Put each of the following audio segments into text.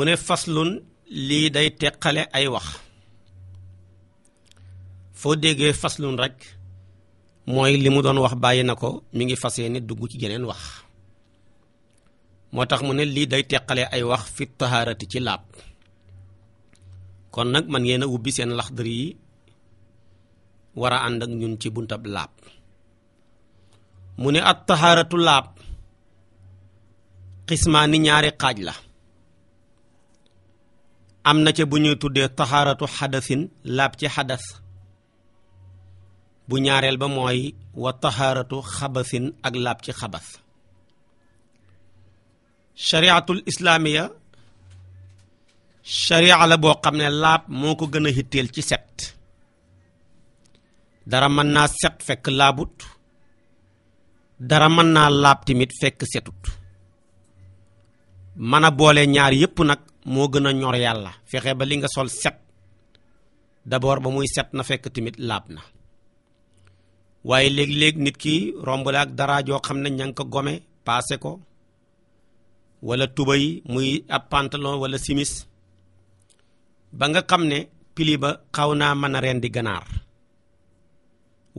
mu ne faslun lii day teqale ay wax foo déggee faslun rekk mooy li mu doon wax bàyyi na ko mi ngi fas yéene dugg ci geneen wax moo tax mu ne lii day teqale ay wax fi tahaarati ci laab kon nag man ngeen a ubbi seen laxdar yi war a ànd ak ñun ci buntab laab mu ne at tahaaratu laab xismaani ñaari xaaj la am na ca bu ñuy tuddee taxaaratu xadasin laab ci xadas bu ñaareel ba mooy wa taxaaratu xabasin ak laab ci xabas shariatul islaamiya sharia la boo xam ne laab moo ko gën a hitteel ci set dara mën naa set fekk laabut dara mën naa laab tamit fekk setut mën a boole ñaar yépp nag moo gën a ñor yàlla fexe ba li nga sol set d'abord ba muy set na fekk tamit laab na waaye léeg-léeg nit ki romb la ak dara joo xam ne ña ngi ko gome paase ko wala tubay muy ab pantalon wala simis ba nga xam ne pili ba xaw naa mën a rendi ganaar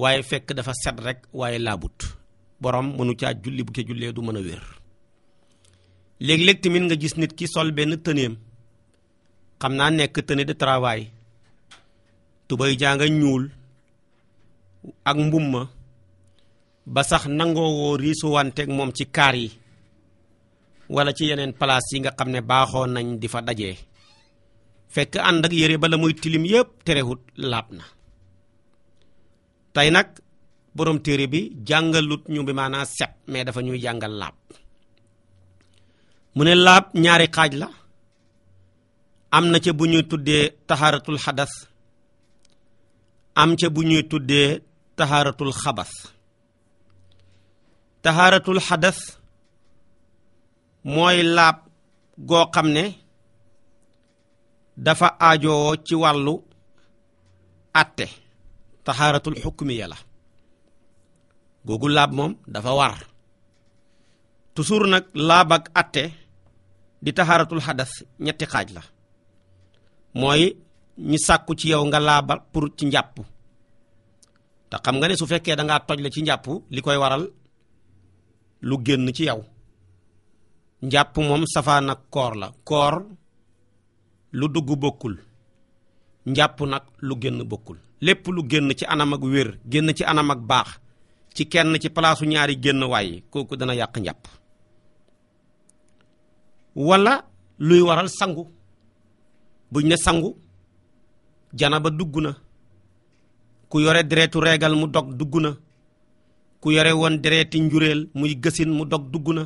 waaye fekk dafa set rek waaye laabut borom mënu caa julli bu ca jullee du mën a wér léegi léeg tamit nga gis nit ki sol benn tëneem xam naa nekk tenue de travail tubay janga ñuul ak mbumma ba sax nangoo woo moom ci kaar yi wala ci yeneen place yi nga xam ne baaxoo nañ di fa daje fekk ànd ak yére bala muy tilim yépp terewut laab na tey nag boroom téere bi jàngalut ñu bi maanaa set mais dafa ñuy jàngal laab mu ne laab ñaari xaaj la am na ca bu ñuy tuddee taxaaratul xadas am ca bu ñuy tuddee taxaaratul xabas taxaaratul xadas mooy laab goo xam ne dafa aajowoo ci wàllu atte taxaaratul xukmiya la googu laab moom dafa war toujours nag laab ak atte di taxaaratul xadas ñetti xaaj la mooy ñi sàkku ci yow nga laaba pour ci njàpp te xam nga ne su fekkee danga toj la ci njàpp li koy waral lu génn ci yow njàpp moom safaan ak koor la koor lu dugg bokkul njàpp nag lu génn bokkul lépp lu génn ci anam ak wér génn ci anam ak baax ci kenn ci palaasu ñaari génn waaye kooku dana yàq njàpp wala luy waral sangu bu ne sangu janaba dugg na ku yore deretu reegal mu dog dugg na ku yore woon dereti njuréel muy gësin mu dog dugg na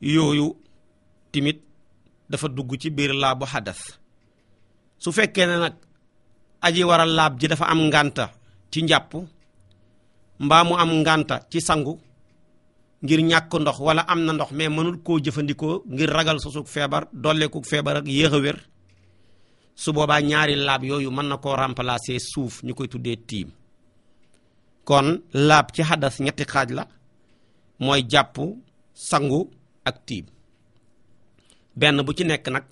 yooyu timit dafa dugg ci biir laabu xadas su fekkee ne nag aji waral laab ji dafa am ngànta ci njàpp mbaa mu am ngànta ci sangu ngir ñàkk ndox wala am na ndox mais mënul koo jëfandikoo ngir ragal sosug feebar dolleekug feebar ak yéex a wér su boobaa ñaari laab yooyu mën na koo remplacer suuf ñu koy tuddee tiim kon laab ci xadas ñetti xaaj la mooy jàpp sangu ak tiim benn bu ci nekk nag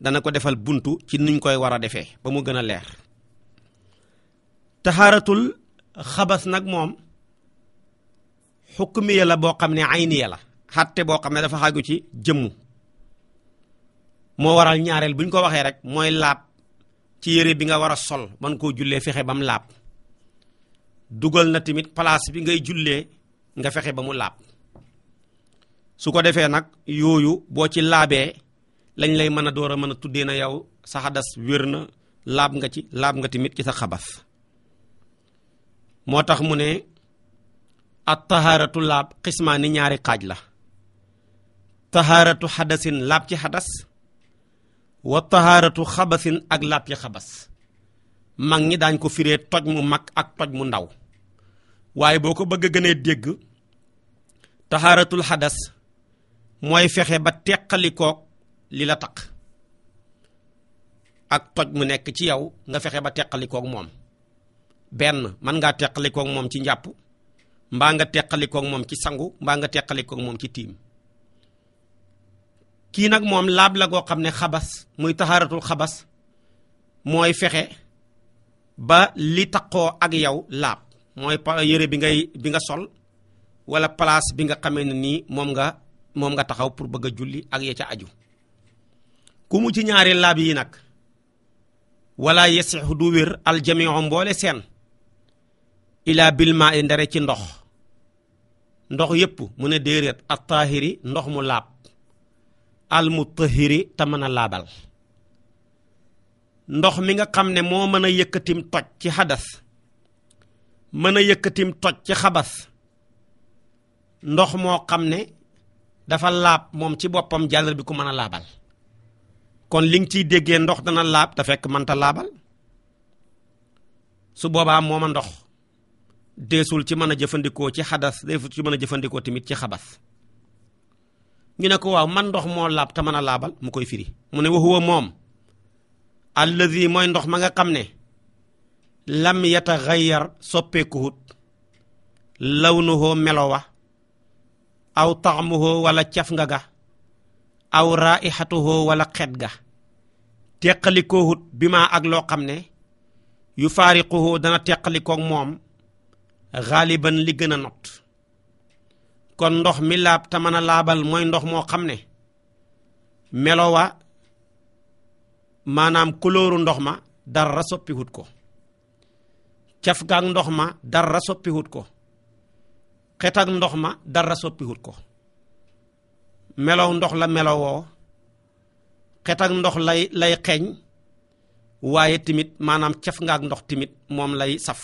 dana ko defal buntu ci niñ koy war a defee ba mu gën a leer taxaaratul xabas nag moom xukmiya la boo xam ne ayniya la xatte boo xam ne dafa xaaju ci jëmm moo waral ñaareel bu ñu ko waxee rek mooy laab ci yére bi nga war a sol man koo jullee fexe ba mu laab dugal na tamit place bi ngay jullee nga fexe ba mu laab su ko defee nag yooyu boo ci laabee lañ lay mën a door a mën a tuddee na yow sa xadas wér na laab nga ci laab nga tamit ci sa xabas moo tax mu ne ak tahaaratu laab xismaani ñaari kaaj la tahaaratu xadasin laab ci xadas wa tahaaratu xabasin ak laab ci xabas mag ñi daañ ko firee toj mu mag ak toj mu ndaw waaye boo ko bëgg gënee dégg tahaaratul xadas mooy fexe ba teqalikook li la tax ak toj mu nekk ci yow nga fexe ba teqalikook moom benn mën ngaa teqalikook moom ci njàpp mbaa nga teqalikoog moom ci sangu mbaa nga teqalikoog moom ci tiim kii nag moom laab la goo xam ne xabas muy taxaaratul xabas mooy fexe ba li taqoo ak yow laab mooy yére bi ngay bi nga sol walla place bi nga xamee ne nii moom nga moom nga taxaw pour bëgg a julli ak ya ca aju ku mu ci ñaari laab yi nag wala yasixu du wér aljamiu mboole seen ila bilma i ndare ci ndox ndox yépp mu ne déeréet attahiri ndox mu laab almutahiri te mën a laabal ndox mi nga xam ne moo mën a yëkkatim toj ci xadas mën a yëkkatim toj ci xabas ndox moo xam ne dafa laab moom ci boppam jàllar bi ku mën a laabal kon li nga ciy déggee ndox dana laab te fekk mënta laabal su boobaa mooma ndox deesul ci mën a jëfandikoo ci xadas deesul ci mën a jëfandikoo tamit ci xabas ñu ne ko waaw man ndox moo laab te mën a laabal mu koy firi mu ne wa moom allazi mooy ndox ma nga xam ne lam yataxayyar soppeekuhut lawnuhu melowa aw taxmuhu wala caf nga ga aw raixatuhu wala xet ga teqalikoowut bi maa ak loo xam ne yu faariquhu dana teqalikoog moom xaaliban li gën a not kon ndox mi laab te mën a laabal mooy ndox moo xam ne melowa maanaam kulóoru ndox ma dara soppiwut ko caf gaak ndox ma dara soppiwut ko xet ak ndox ma dara soppiwut ko melow ndox la melowoo xet ak ndox lay lay xeeñ waaye tamit maanaam caf ngaak ndox tamit moom lay saf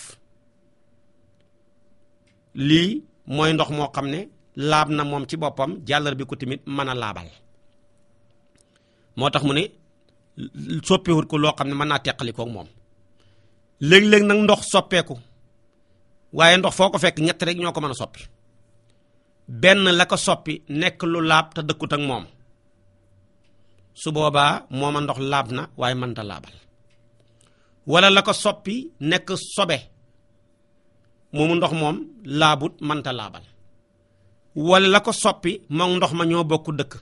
lii mooy ndox moo xam ne laab na moom ci boppam jàllar bi ko tamit mën a laabal moo tax mu ne soppeewut ko loo xam ne mën naa teqali moom léeg-léeg nag ndox soppeeku waaye ndox foo ko fekk ñetti rekk ñoo ko mën a soppi benn la ko soppi nekk lu laab te dëkkut ak moom su boobaa mooma ndox laab na waaye mënta laabal walla la ko soppi nekk sobe moomu ndox moom laabut manta laabal wala la ko soppi moom ndox ma ñoo bokk dëkk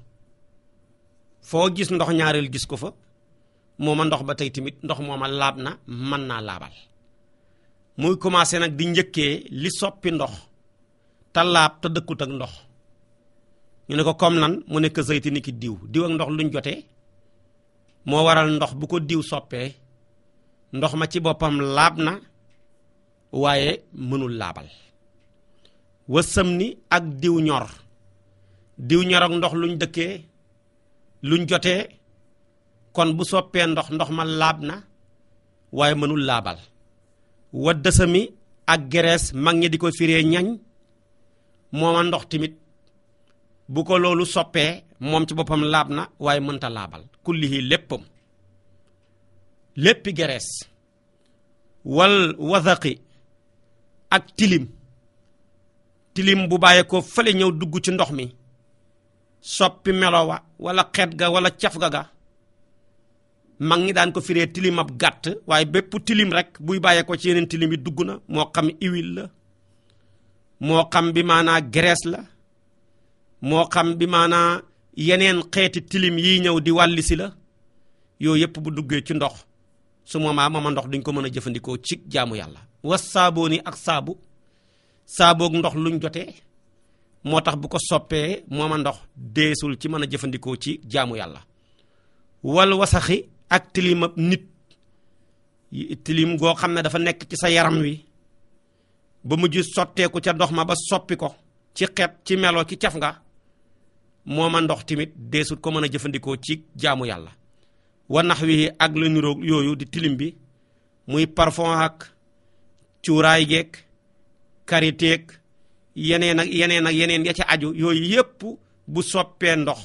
foo gis ndox ñaareel gis ko fa mooma ndox ba tey tamit ndox mooma laab na mën naa laabal muy commencé nag di njëkkee li soppi ndox te laab te dëkkut ak ndox ñu ne ko comme nan mu nekk zayti ni ki diw diw ak ndox luñ jotee moo waral ndox bu ko diw soppee ndox ma ci boppam laab na waaye mënul laabal wasam ni ak diw ñor diw ñor ndox luñ dëkkee luñ jotee kon bu soppee ndox ndox ma laab na waaye mënul laabal wa dësami ak gerees mag ñi di ko firee ñañ mooma ndox tamit bu ko loolu soppee moom ci boppam laab na waaye mënta laabal kullihi léppam léppi gerees wal wasaqi ak tilim tilim bu bàyyeekoo fële ñëw dugg ci ndox mi soppi melo walla wala xet ga wala caf ga ga mag ñi daan ko firee tilim ab gàtt waaye bépp tilim rek buy bàyyeekoo ci yeneen tilim yi dugg na moo xam huile la moo xam bi maanaa graisse la moo xam bi maanaa yeneen xeeti tilim yiy ñëw di wàlli la yooyu yëpp bu duggee ci ndox su moomaa mooma ndox duñ ko mën a jëfandikoo ci jaamu yàlla was ni ak saabu saaboog ndox luñ jotee moo tax bu ko soppee mooma ndox deesul ci mën a jëfandikoo ci jaamu yàlla wal wasaxi ak tilimab nit tilim goo xam ne dafa nekk ci sa yaram wi ba mujj sotteeku ca ndox ma ba soppi ko ci ci melo ci caf nga mooma ndox tamit deesut ko mën a jëfandikoo ci jaamu yàlla wa wi ak la niroog yooyu di tilim bi muy parfum ak cuuraay geeg kariteeg yeneen yeneen ak yeneen ya ca aju yooyu yépp bu soppee ndox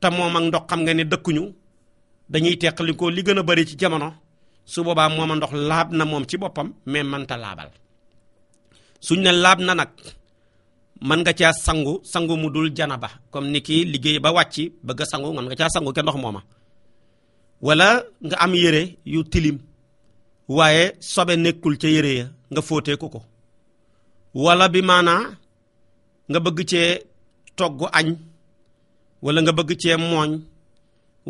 te moom ndox xam nga ne dëkkuñu dañuy teqalikoo li gën a bari ci jamono su boobaa mooma a ndox laab na moom ci boppam mais mënta laabal suñ ne laab na nag mën nga caa sangu sangu mu dul jana ba comme ni ki liggéey ba wàcc bëgg sangu mën nga caa sangu ke ndox mooma wala nga am yére yu tilim waaye sobe nekkul ca yére ya nga fóotee ko ko wala bi maanaa nga bëgg cee togg añ wala nga bëgg cee mooñ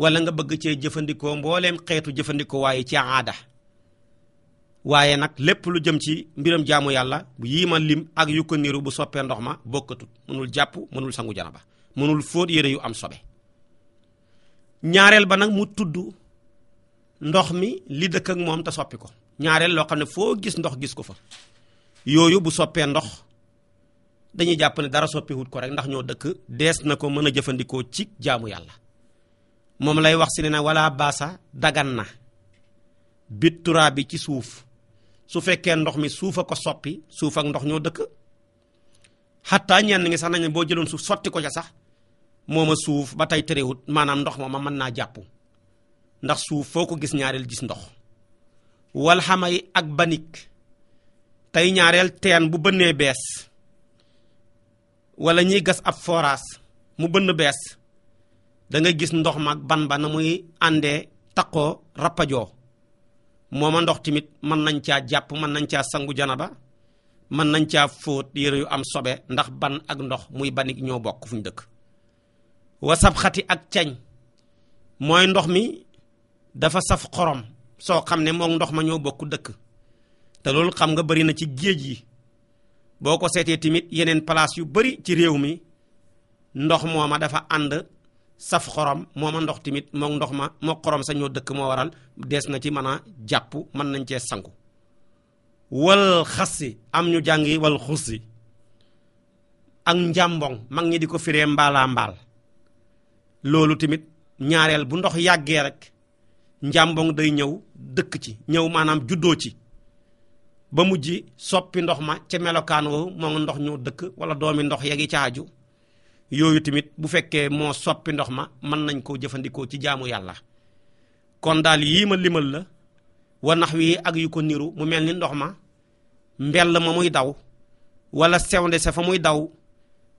wala nga bëgg cee jëfandikoo mbooleem xeetu jëfandikoo waaye ci aada waaye nag lépp lu jëm ci mbiram jaamu yàlla bu yii ma lim ak yu ko bu soppee ndox ma bokkatut mënul jàpp mënul sangu janaba mënul fóot yére yu am sobe ñaareel ba nag mu tudd ndox mi li dëkk ak moom te soppi ko ñaareel loo xam ne foo gis ndox gis ko fa yooyu bu soppee ndox dañuy jàpp ne dara soppiwut ko rek ndax ñoo dëkk dees na ko mën a jëfandikoo ci jaamu yàlla moom lay wax si ne na wala baasa dagan na bit turaa bi ci suuf su fekkee ndox mi suuf a ko soppi suuf ak ndox ñoo dëkk xattaa ñenn ngi sax nañu boo jëloon suuf sotti ko ca sax mooma suuf ba tey terewut maanaam ndox ma man mën naa jàppu ndax suuf foo ko gis ñaareel gis ndox walxamay ak banik tey ñaareel teen bu bënnee bees wala ñiy gas ab forage mu bënn bees da gis ndox mag ban ba na muy ànde taqoo rappajoo mooma ndox tamit mën nañ caa jàpp mën nañ caa sangu ba mën nañ caa fóot yére yu am sobe ndax ban ak ndox muy banik ñoo bokk fu ñu dëkk wasab xati ak cañ mooy ndox mi dafa saf xorom soo xam ne moom ndox ma ñoo bokk dëkk te loolu xam nga bari na ci géej yi boo ko seetee tamit yeneen place yu bari ci réew mi ndox mooma dafa ànd saf xorom mooma ndox tamit moom ndox ma moo xorom sa ñoo dëkk moo waral dees na ci mën a jàpp mën nañ cee sangu wal xassi am ñu jàngi wal xussi ak njàmboŋ mag ñi di ko firee mbaalaa mbaal loolu tamit ñaareel bu ndox yàggee rek njàmbong day ñëw dëkk ci ñëw maanaam juddoo ci ba mujj soppi ndox ma ca melokaan woowu moom ndox ñoo dëkk wala doomi ndox yegi caaju yooyu tamit bu fekkee moo soppi ndox ma mën nañ koo jëfandikoo ci jaamu yàlla kon daal yii ma limal la wanax wi ak yu ko niru mu mel ni ndox ma mbell ma muy daw walla sewnde sa fa muy daw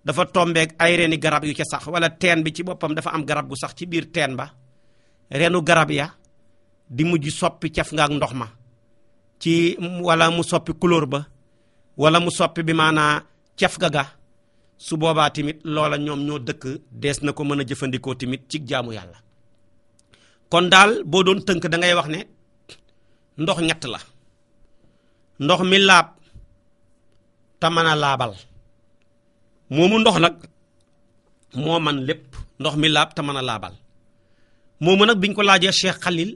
dafa tombeek ay reeni garab yu ca sax wala teen bi ci boppam dafa am garab gu sax ci biir teen ba reenu garab ya di mujj soppi caf nga ak ndox ma ci wala mu soppi couleur ba wala mu soppi bi maanaa caf ga ga su boobaa tamit loola ñoom ñoo dëkk dees na ko mën a jëfandikoo tamit ci jaamu yàlla kon daal boo doon tënk dangay wax ne ndox ñett la ndox mi laab te mën a laabal moomu ndox nag moo man lépp ndox mi laab te mën a laabal moomu nag biñ ko laajee Cheikh Khalil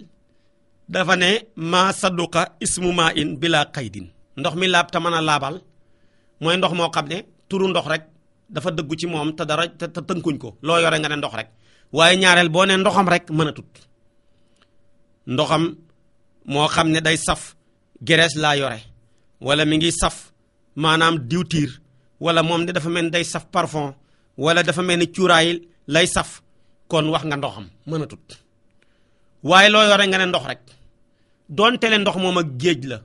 dafa ne maa sadduqa ismu maa in bilaa qaydin ndox mi laab te mën a laabal mooy ndox moo xam ne turu ndox rek dafa dëggu ci moom te dara te tënkuñ ko loo yore nga ne ndox rek waaye ñaareel boo ne ndoxam rek mën a tut ndoxam moo xam ne day saf gerees laa yore wala mi ngi saf maanaam diwtiir wala moom de dafa mel ni day saf parfon wala dafa mel ni cuuraay lay saf kon wax nga ndoxam mën a tut waaye loo yore nga ne ndox rek donte ndox moom ak géej la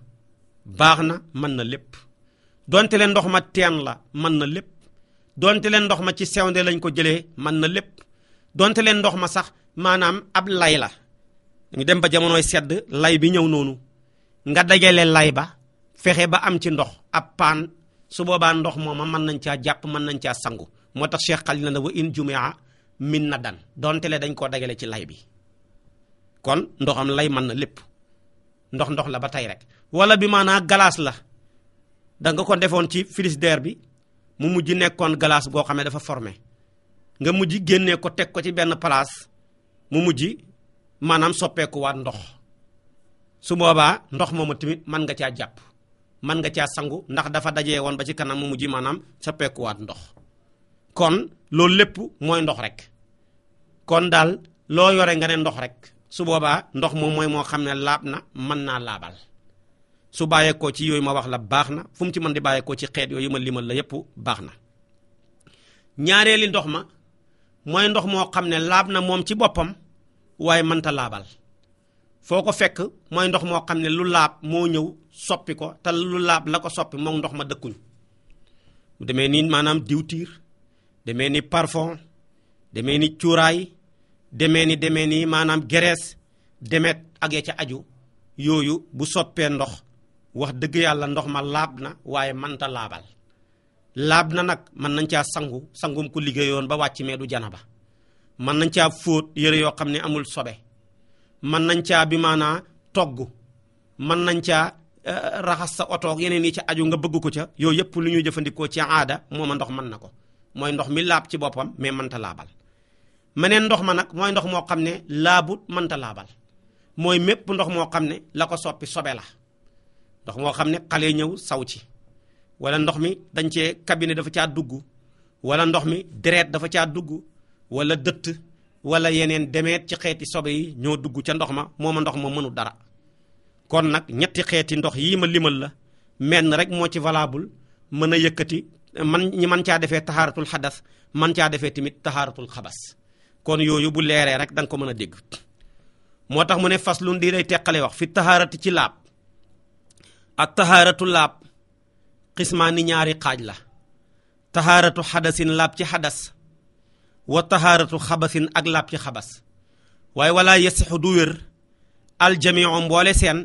baax na mën na lépp donte le ndox ma teen la mën na lépp donte le ndox ma ci sewnde lañ ko jëlee man na lépp donte le ndox ma sax maanaam ab lay la ñu dem ba jamonooy sedd lay bi ñëw noonu nga dajale lay ba fexe ba am ci ndox ab paan su boobaa ndox mooma mën nañ caa jàpp mën nañ caa sangu moo tax Cheikh Khalil na ne wa in jumia min na dan donte dañ koo dajale ci lay bi kon ndoxam lay mën na lépp ndox ndox la ba tey rek wala bi maanaa galaas la da nga ko defoon ci frigidaire bi mu mujj nekkoon galaas boo xam ne dafa formé nga mujj génnee ko teg ko ci benn place mu mujj maanaam soppeekuwaat ndox su boobaa ndox moomu tamit mën nga caa jàpp mën nga caa sangu ndax dafa dajee woon ba ci kanam mu maanaam soppeekuwaat ndox kon loolu lépp mooy ndox rek kon daal loo yore nga ne ndox rek su boobaa ndox moom mooy moo xam ne laab na mën naa laabal su bàyyeekoo ci yooyu ma wax la baax na fu mu ci man di bàyyeekoo ci xeet yooyu ma limal la yépp baax na ñaareeli ndox ma mooy ndox moo xam ne laab na moom ci boppam waaye mënta laabal foo ko fekk mooy ndox moo xam ne lu laab moo ñëw soppi ko te lu laab la ko soppi moom ndox ma dëkkuñ demee nii maanaam diwtiir demee ni parfum demee ni cuuraay demee ni demee nii maanaam gerees demet ak ya ca aju yooyu bu soppee ndox wax dëgg yàlla ndox ma laab na waaye mënta laabal laab na nag mën nañ caa sangu sangum ku liggéeyoon ba wàcc mee du jana ba mën nañ caa fóot yére yoo xam ne amul sobe mën nañ caa bi maanaa togg mën nañ caa eh, raxas sa otoog yeneen yi ca aju nga bëgg ko ca yooyu yëpp lu ñuy jëfandikoo ci aada mooma ndox mën na ko mooy ndox mi laab ci boppam mais mënta laabal meneen ndox ma nag mooy ndox moo xam ne laabut mënta laabal mooy mépp ndox moo xam ne la ko soppi sobe la ndox moo xam ne xale ñëw saw ci wala ndox mi dañ cee kabine dafa caa dugg wala ndox mi deret dafa caa dugg wala dëtt wala yeneen demeet ci xeeti sobe yi ñoo dugg ca ndox ma mooma ndox ma mënul dara kon nag ñetti xeeti ndox yii ma limal la menn rek moo ci valable mën a yëkkati man ñi mën caa defee taxaaratul xadas man caa defee tamit taxaaratul xabas kon yooyu bu leeree rek danga ko mën a dégg moo tax mu ne faslun di day teqale wax fi taxaarati ci laab ak taxaaratu laab xismaani ñaari xaaj la taxaaratu xadasin laab ci xadas wa taxaaratu xabasin ak laab ci xabas waaye walla yasixu du wér aljamiu mboole seen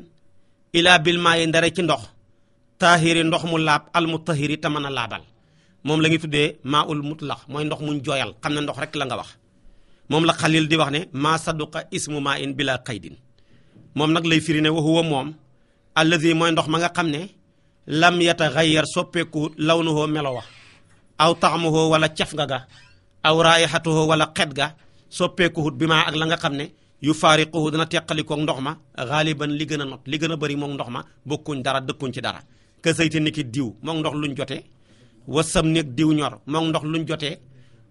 ilaa bil maayi ndare ci ndox taahiri ndox mu laab almutahiri te mën a laabal moom la ngi tuddee maa ul mutlaq mooy ndox muñ jooyal xam ne ndox rek la nga wax moom la xalil di wax ne maa saduqa ismu maa in bila qaydin moom nag lay firi ne wa huwa moom allazi mooy ndox ma nga xam ne lam yataxayyar law na melo wa aw taxamuhu wala caf nga ga aw raayixatuhu wala xet ga soppeekuhut bi maa ak la nga xam ne yu faariquhu dana teqalikoog ndox ma xaaliban li gën a not li gën a bëri moom ndox ma bokkuñ dara dëkkuñ ci dara kësayte ni ki diw moom ndox luñ jotee wasam néeg diw ñor moom ndox luñ jotee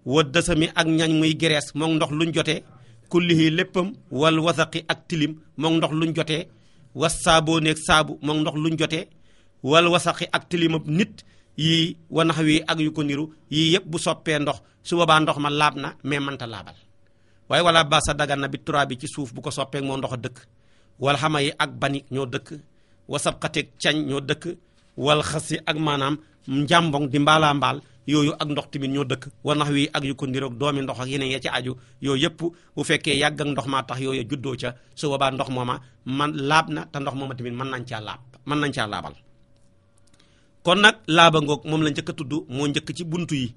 wa dasami ak ñañ muy gerees mook ndox lu luñ jotee kullihi léppam wal wasaqi ak tilim mook ndox luñ jotee was saabooneeg saabu mook ndox luñ jotee wal wasaqi ak tilimam nit yii wanax wi ak yu ko niru yii yëpp bu soppee ndox su boobaa ndox ma laab na mais mënta laabal waaye wala ba dagana bi turaa bi ci suuf bu ko soppeek moo ndox a dëkk wal xama ak bani ñoo dëkk wasab xateeg cañ ñoo dëkk wal xas yi ak maanaam njàmbong di mbaalaa mbaal yooyu ak ndox tamit ñoo dëkk wa nax wi ak yu ko doomi ndox ak yeneen ya ci aju yooyu yëpp bu fekkee yàgg ndox maa tax yooyu juddoo ca su boobaa ndox mooma man laab na te ndox mooma tamit mën nañ caa laab mën nañ caa kon nag laaba ngoog moom la njëkk tudd moo njëkk ci bunt yi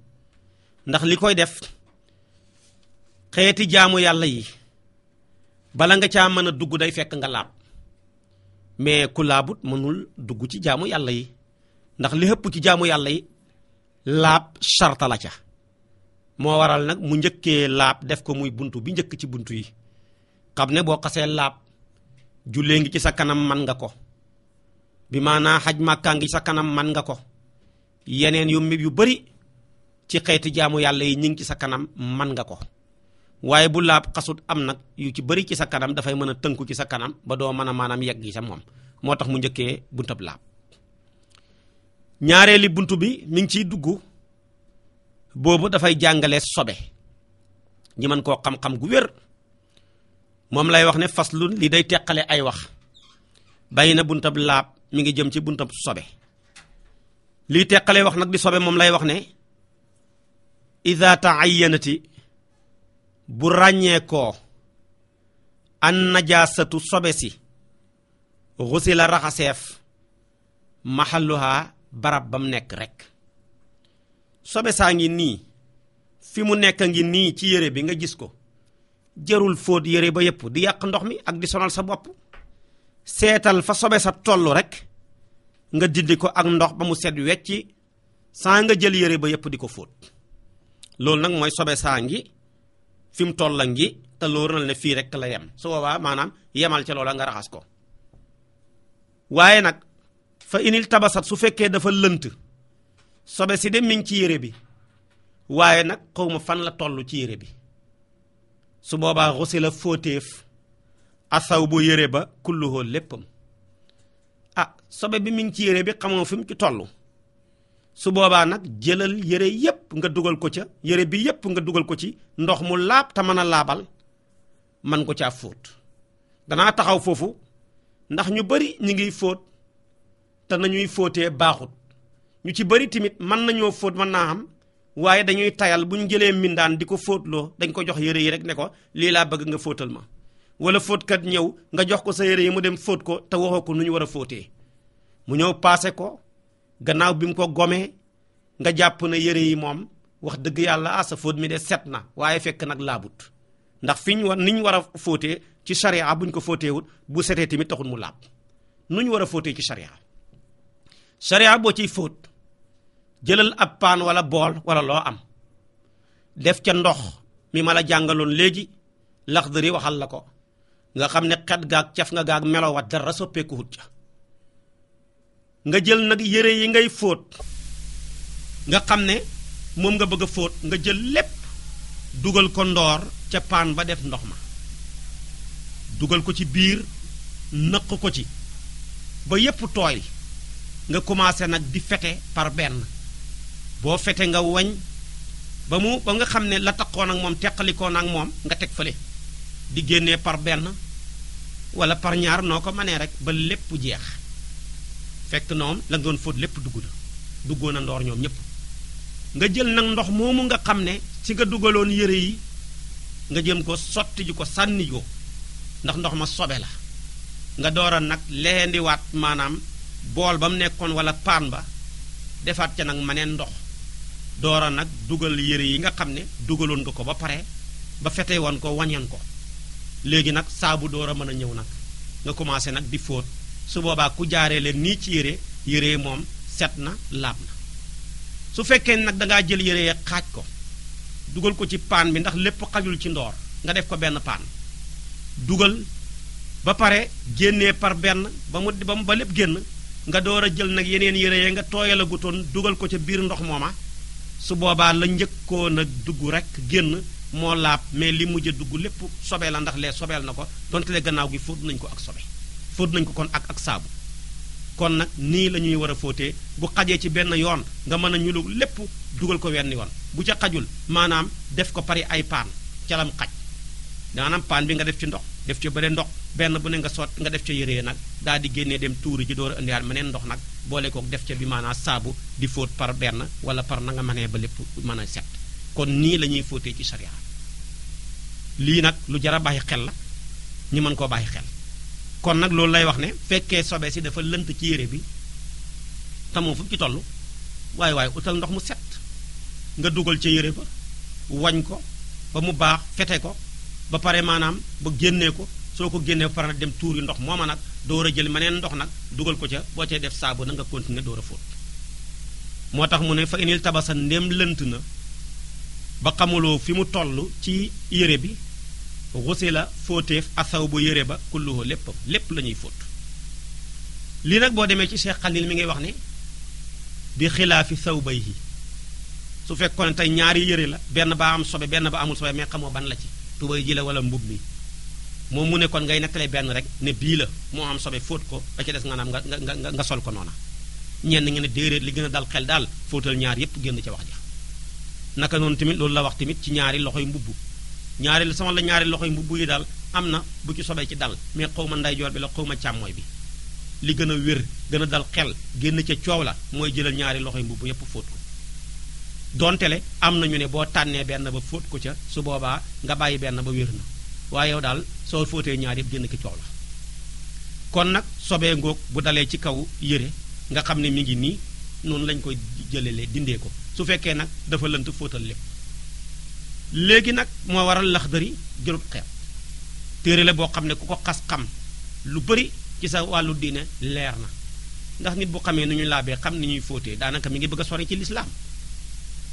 ndax li koy def xeeti jaamu yàlla yi bala nga caa mën a dugg day fekk nga laab mais ku laabut mënul dugg ci jaamu yàlla yi ndax li ëpp ci jaamu yàlla yi laab sarta ca moo waral nag mu njëkkee laab def ko muy bunt bi njëkk ci buntu yi xam ne boo xasee laab jullee ngi ci sa kanam man nga ko bi maanaa xaj màkkaa sa kanam man nga ko yeneen yu yu bari ci xeeti jaamu yàlla yi ñu ngi ci sa kanam man nga ko waaye bu laab xasut am nag yu ci bari ci sa kanam dafay mën a tënku ci sa kanam ba doo mën a maanaam yegg yi sa moom moo tax mu njëkkee buntab laab ñaareeli bunt bi mi ngi ciy dugg boobu dafay jàngale sobe ñi mën koo xam-xam gu wér moom lay wax ne faslun li day teqale ay wax bàyyi na buntab laab mi ngi jëm ci bunt buntab sobe liy teqale wax nag di sobe moom lay wax ne ida taayyanati bu ràññee koo an najaasatu sobe si xusila raxaseef mahalluha barab ba mu nekk rekk sobe saa ngi nii fi mu nekk ngi nii ci yére bi nga gis ko jërul fóot yére ba yépp di yàq ndox mi ak di sonal sa bopp seetal fa sobe sa tollu rekk nga dindi ko ak ndox ba mu set wecci saa nga jël yére ba yépp di ko fóot loolu nag mooy sobe saa ngi fi mu toll la ngi te loolu na ne fii rekk la yem su boobaa maanaam yemal ca loola nga raxas ko waaye nag fa inil tabasat su fekkee dafa lënt sobe si de mi ngi ci yére bi waaye nag xawma fan la toll ci yére bi su boobaa xusi la fóoteef asaw bu yére ba kulluhoo léppam ah sobe bi mi ngi ci yére bi xamoo fi mu ci toll su boobaa nag jëlal yére yépp nga dugal ko ca yére bi yépp nga dugal ko ci ndox mu laab te mën a laabal man ko caa fóot danaa taxaw foofu ndax ñu bari ñu ngiy fóot te nañuy fóotee baaxut ñu ci bëri tamit mën nañoo fóot mën naa am waaye dañuy tayal bu ñu jëlee mindaan di ko fóotloo dañ ko jox yëre yi rek ne ko lii laa bëgg nga fóotal ma wala fóotkat ñëw nga jox ko sa yére yi mu dem fóot ko te waxoo ko nu ñu war a fóotee mu ñëw paase ko gannaaw bi mu ko gomee nga jàpp na yëre yi moom wax dëgg yàlla ah sa fóot mi de set na waaye fekk nag laabut ndax fi ñu war ni war a fóotee ci charia buñ ko fóoteewut bu setee tamit taxul mu laab nu ñu war a fóotee ci charia sharia boo ciy fóot jëlal ab paan wala bool wala loo am def ca ndox mi ma la jàngaloon léegi lax Laxdari waxal la ko nga xam ne xet gaag caf nga gaag melowa dara soppeekuwut ca nga jël nag yére yi ngay fóot nga xam ne moom nga bëgg a fóot nga jël lépp dugal ko ndoor ca paan ba def ndox ma dugal ko ci biir nëq ko ci ba yépp tooy nga commencé nag di fete par benn boo fete nga wañ ba mu ba nga xam ne la taqoon ak moom teqalikoon ak moom nga teg fale di génnee par benn wala parñaar noo ko manee rek ba lépp jeex fekk noom la nga doon fóot lépp dugg duggoon a ndoor ñoom ñépp nga jël nag ndox moomu nga xam ne ci nga dugaloon yére yi nga jëm ko sotti ko sànni ndax ndox ma sobe la nga door nag leendiwaat maanaam bool ba mu nekkoon wala paan ba defaat ca nag maneen ndox doora nag dugal yére yi nga xam ne dugaloon nga ko ba pare ba fete woon ko wañeen ko léegi nag saabu door a mën a ñëw nag nga commencé nag di fóot su boobaa ku jaaree leen nii ci yére yére moom set na laab na su fekkee nag dangaa jël yére ya xaaj ko dugal ko ci paan bi ndax lépp xajul ci ndoor nga def ko benn paan dugal ba pare génnee par benn ba mu ba mu ba lépp génn nga door a jël nag yeneen yére ya nga tooyale a gutoon dugal ko ca biir ndox mooma su boobaa la njëkkoon a dugg rek génn moo laab mais li mujj a dugg lépp sobee la ndax lee sobeel na ko donte le gannaaw gi fóot nañ ko ak sobe fóot nañ ko kon ak ak saabu kon nag nii la ñuy war a fóotee bu xajee ci benn yoon nga mën a ñulu lépp dugal ko wenn yoon bu ca xajul maanaam def ko pare ay paan calam xaj maanaam paan bi nga def ci ndox def ca bële ndox benn bu ne nga sot nga def ca yi nag daal di génnee dem tuuri ji door a indiwaat meneen ndox nag boole kook def ca bi maanaam saabu di fóot par benn wala par nanga nga mënee ba lépp mën a set kon nii la ñuy fóotee ci sariya lii nag lu jar a bàyyi xel la ñu mën koo bàyyi xel kon nag loolu lay wax ne fekkee sobe si dafa lënt ci yére bi tamoo fu ci toll waaye waaye utal ndox mu set nga dugal ca yére ba wañ ko ba mu baax fete ko ba pare maanaam ba génnee ko soo ko génnee ba pare nag dem tuur yu ndox mooma nag door a jël meneen ndox nag dugal ko ca boo cee def saabu na nga continuer door a fóot moo tax mu ne fa inil tabasa ndem lënt na ba xamuloo fi mu toll ci yére bi xusi la fóoteef asaw bu yére ba kulluhu lépp lépp lañuy fóot lii nag boo demee ci Cheikh Xalil mi ngay wax ne bi xilaafi saw bay yi su fekkoon ne tey ñaari yére la benn baa am sobe benn ba amul sobe mais ban la ci tubay ji la wala mbub mi moom mu ne kon ngay nattale benn rek ne bii la moo am sobe fóot ko ba ca des nga naam nga nga nga sol ko noona ñenn nga ne déedéet li gën a dal xel daal fóotal ñaar yépp génn ca wax ja naka noonu tamit loolu la wax tamit ci ñaari loxoy mbubb ñaari sama la ñaari loxoy mbubb yi daal am na bu ci sobee ci dal mais xaw ma ndeyjoor bi la xaw ma càmmooy bi li gën a wér gën a dal xel génn ca coow la mooy jëlal ñaari loxoy mbubb yépp fóot ko dontele am nañu ne boo tànnee benn ba fóot ko ca su boobaa nga bàyyi benn ba wér na waaye yow daal soo fóotee ñaar yëpp génn ki coow la kon nag sobee ngoog bu dalee ci kaw yére nga xam ne mi ngi nii noonu lañ koy jëlele dindee ko su fekkee nag dafa lënt fóotal lépp léegi nag moo waral laxdari jërut xeet téere la boo xam ne ku ko xas xam lu bëri ci sa wàllu diine leer na ndax nit bu xamee nu ñu laabee xam ni ñuy fóotee daanaka mi ngi bëgg a sori ci lislaam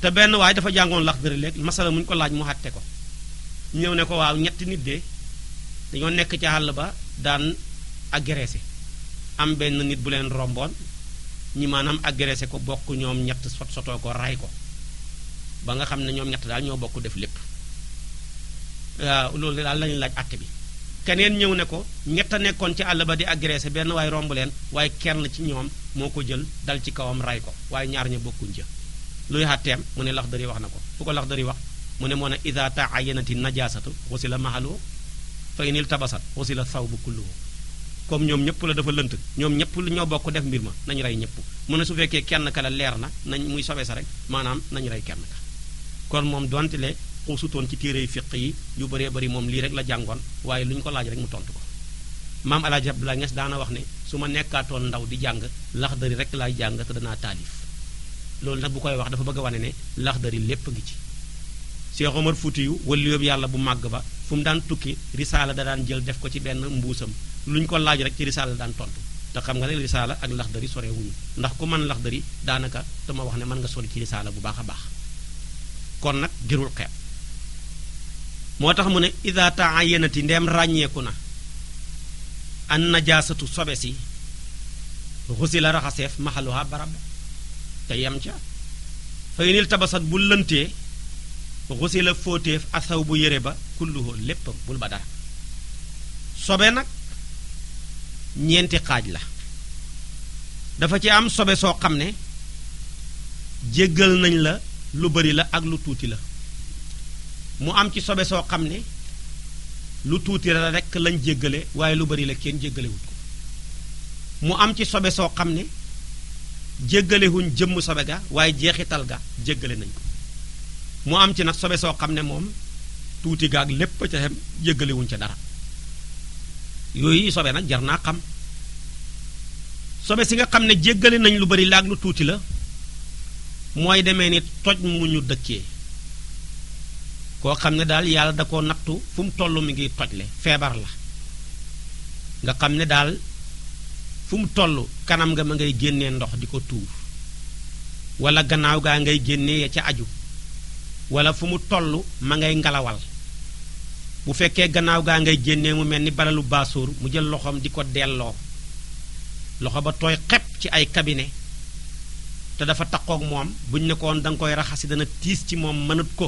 te benn waay dafa jàngoon lax dëri léegi masala mu ñu ko laaj mu xatte ko ñëw ne ko waaw ñetti nit de dañoo nekk ci àll ba daan agressé am benn nit bu leen romboon ñi maanaam agressé ko bokk ñoom ñett sot sotoo ko ray ko ba nga xam ne ñoom ñett daal ñoo bokk def lépp waaw loolu daal lañu laaj àtte bi keneen ñëw ne ko ñett a nekkoon ci àll ba di agressé benn waaye romb leen waaye kenn ci ñoom moo ko jël dal ci kawam ray ko waaye ñaar ña bokkuñ luy xàtteem mu ne lax dari wax na ko fu ko lax dari wax mu ne moo ne ida taayanati najasatu la mahalu fa inil tabasat wasila thawbu kulluhu comme ñoom ñëpp la dafa lënt ñoom ñëpp lu ñoo bokk def mbir ma nañu rey ñëpp mu ne su fekkee kenn ka la leer na nañ muy sobe sa rek maanaam nañu rey kenn ka kon moom donte le xuusutoon ci téere fiq yi yu baree bari moom lii rek la jàngoon waaye lu ñu ko laaj rek mu tontu ko maam El Hadj Abdoulaye Niass daana wax ne su ma nekkaatoon ndaw di jàng laxdari rek laay jàng te danaa taalif loolu nag bu koy wax dafa bëgg a wane ne laxdari lépp ngi ci Cheikh Omar Foutiyu wala yóbbu yàlla bu màgg ba fu mu daan tukki risaala da daan jël def ko ci benn mbuusam lu ñu ko laaj rek ci risaala daan tontu te xam nga ne risaala ak laxdari sore wuñu ndax ku man laxdari daanaka te ma wax ne mën nga sori ci risaala bu baax a baax kon nag jërul xeeb moo tax mu ne ida taayanati ndeem ràññeeku na an najaasatu sobe si xusila raxaseef maxaluha barab te yem ca faynil tabasat bu lëntee xusi la fóoteef asaw bu yére ba kulluhu lépp bul ba dara sobe nag ñeenti xaaj la dafa ci am sobe soo xam ne jéggal nañ la lu bari la ak lu tuuti la mu am ci sobe soo xam ne lu tuuti la rekk lañ jéggale waaye lu bari la kenn jéggalewut ko mu am ci sobe soo xam ne jéggalewuñ jëmm sobe ga waaye jeexital ga jéggale nañ ko mu am ci nag sobe soo xam ne moom tuuti gaag lépp ca xem jéggalewuñ ca dara yooyu sobe nag jar naa xam sobe si nga xam ne jéggale nañ lu bari laag lu tuuti la mooy demee ni toj mu ñu dëkkee koo xam ne daal yàlla da ko nattu fu mu toll mi ngi tojle feebar la nga xam ne daal fu mu toll kanam nga ma ngay génnee ndox di ko tuur walla gannaaw gaa ngay génne ya ca aju wala fu mu toll ma ngay ngelawal bu fekkee gannaaw gaa ngay génne mu mel ni balalu baasóor mu jël loxoom di ko delloo loxo ba tooy xepp ci ay kabine te dafa taqook moom buñ nekkoon danga koy raxasi na tiis ci moom mënut ko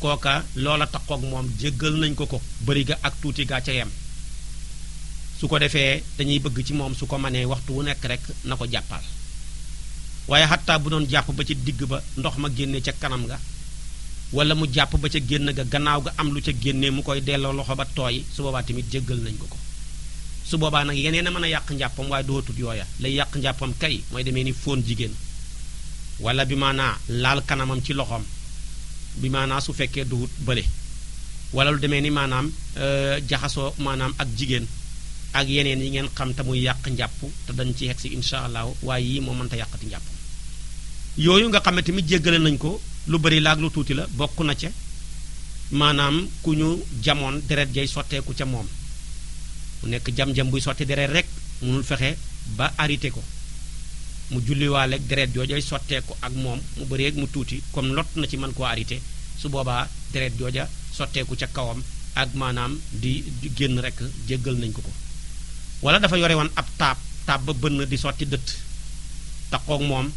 kooka loola taqook moom jéggal nañ ko ko bëri ga ak tuuti gaa ca yem su ko defee dañuy bëgg ci moom su ko manee waxtu wu nekk rek na ko jàppal waaye xattaa bu doon jàpp ba ca digg ba ndox ma génne ca kanam nga wala mu jàpp ba ca génn ga gannaaw ga am lu ca génnee mu koy delloo loxo ba tooy su boobaa tamit jéggal nañ ko ko su boobaa nag yeneen a man a yàq njàppam waaye dootut yooya lay yàq njàppam kay mooy demee ni fóon jigéen wala bi maanaa laal kanamam ci loxoom bi maanaa su fekkee duhut bële wala lu demee ni maanaam euh, jaxasoo maanaam ak jigéen ak yeneen yi ngeen xam te muy yàq njàpp te dañ ci yegg si incha allah waaye yii moo yàq yàqati njàpp yooyu nga xam ne tamit jéggale nañ ko lu bari laag lu tuuti la bokk na ca maanaam ku ñu jamoon deret jay sotteeku ca moom mu nekk jam-jam buy sotti deret rek mënul fexe ba arrêté ko mu julliwaale julliwaaleeg deret joojay sotteeku ak moom mu bari ak mu tuuti comme lot na ci mën koo arrêté su boobaa deret jooja sotteeku ca kawam ak maanaam di génn rek jéggal nañ ko ko wala dafa yore wan ab taab taab ba bënn di sotti dëtt tax kook moom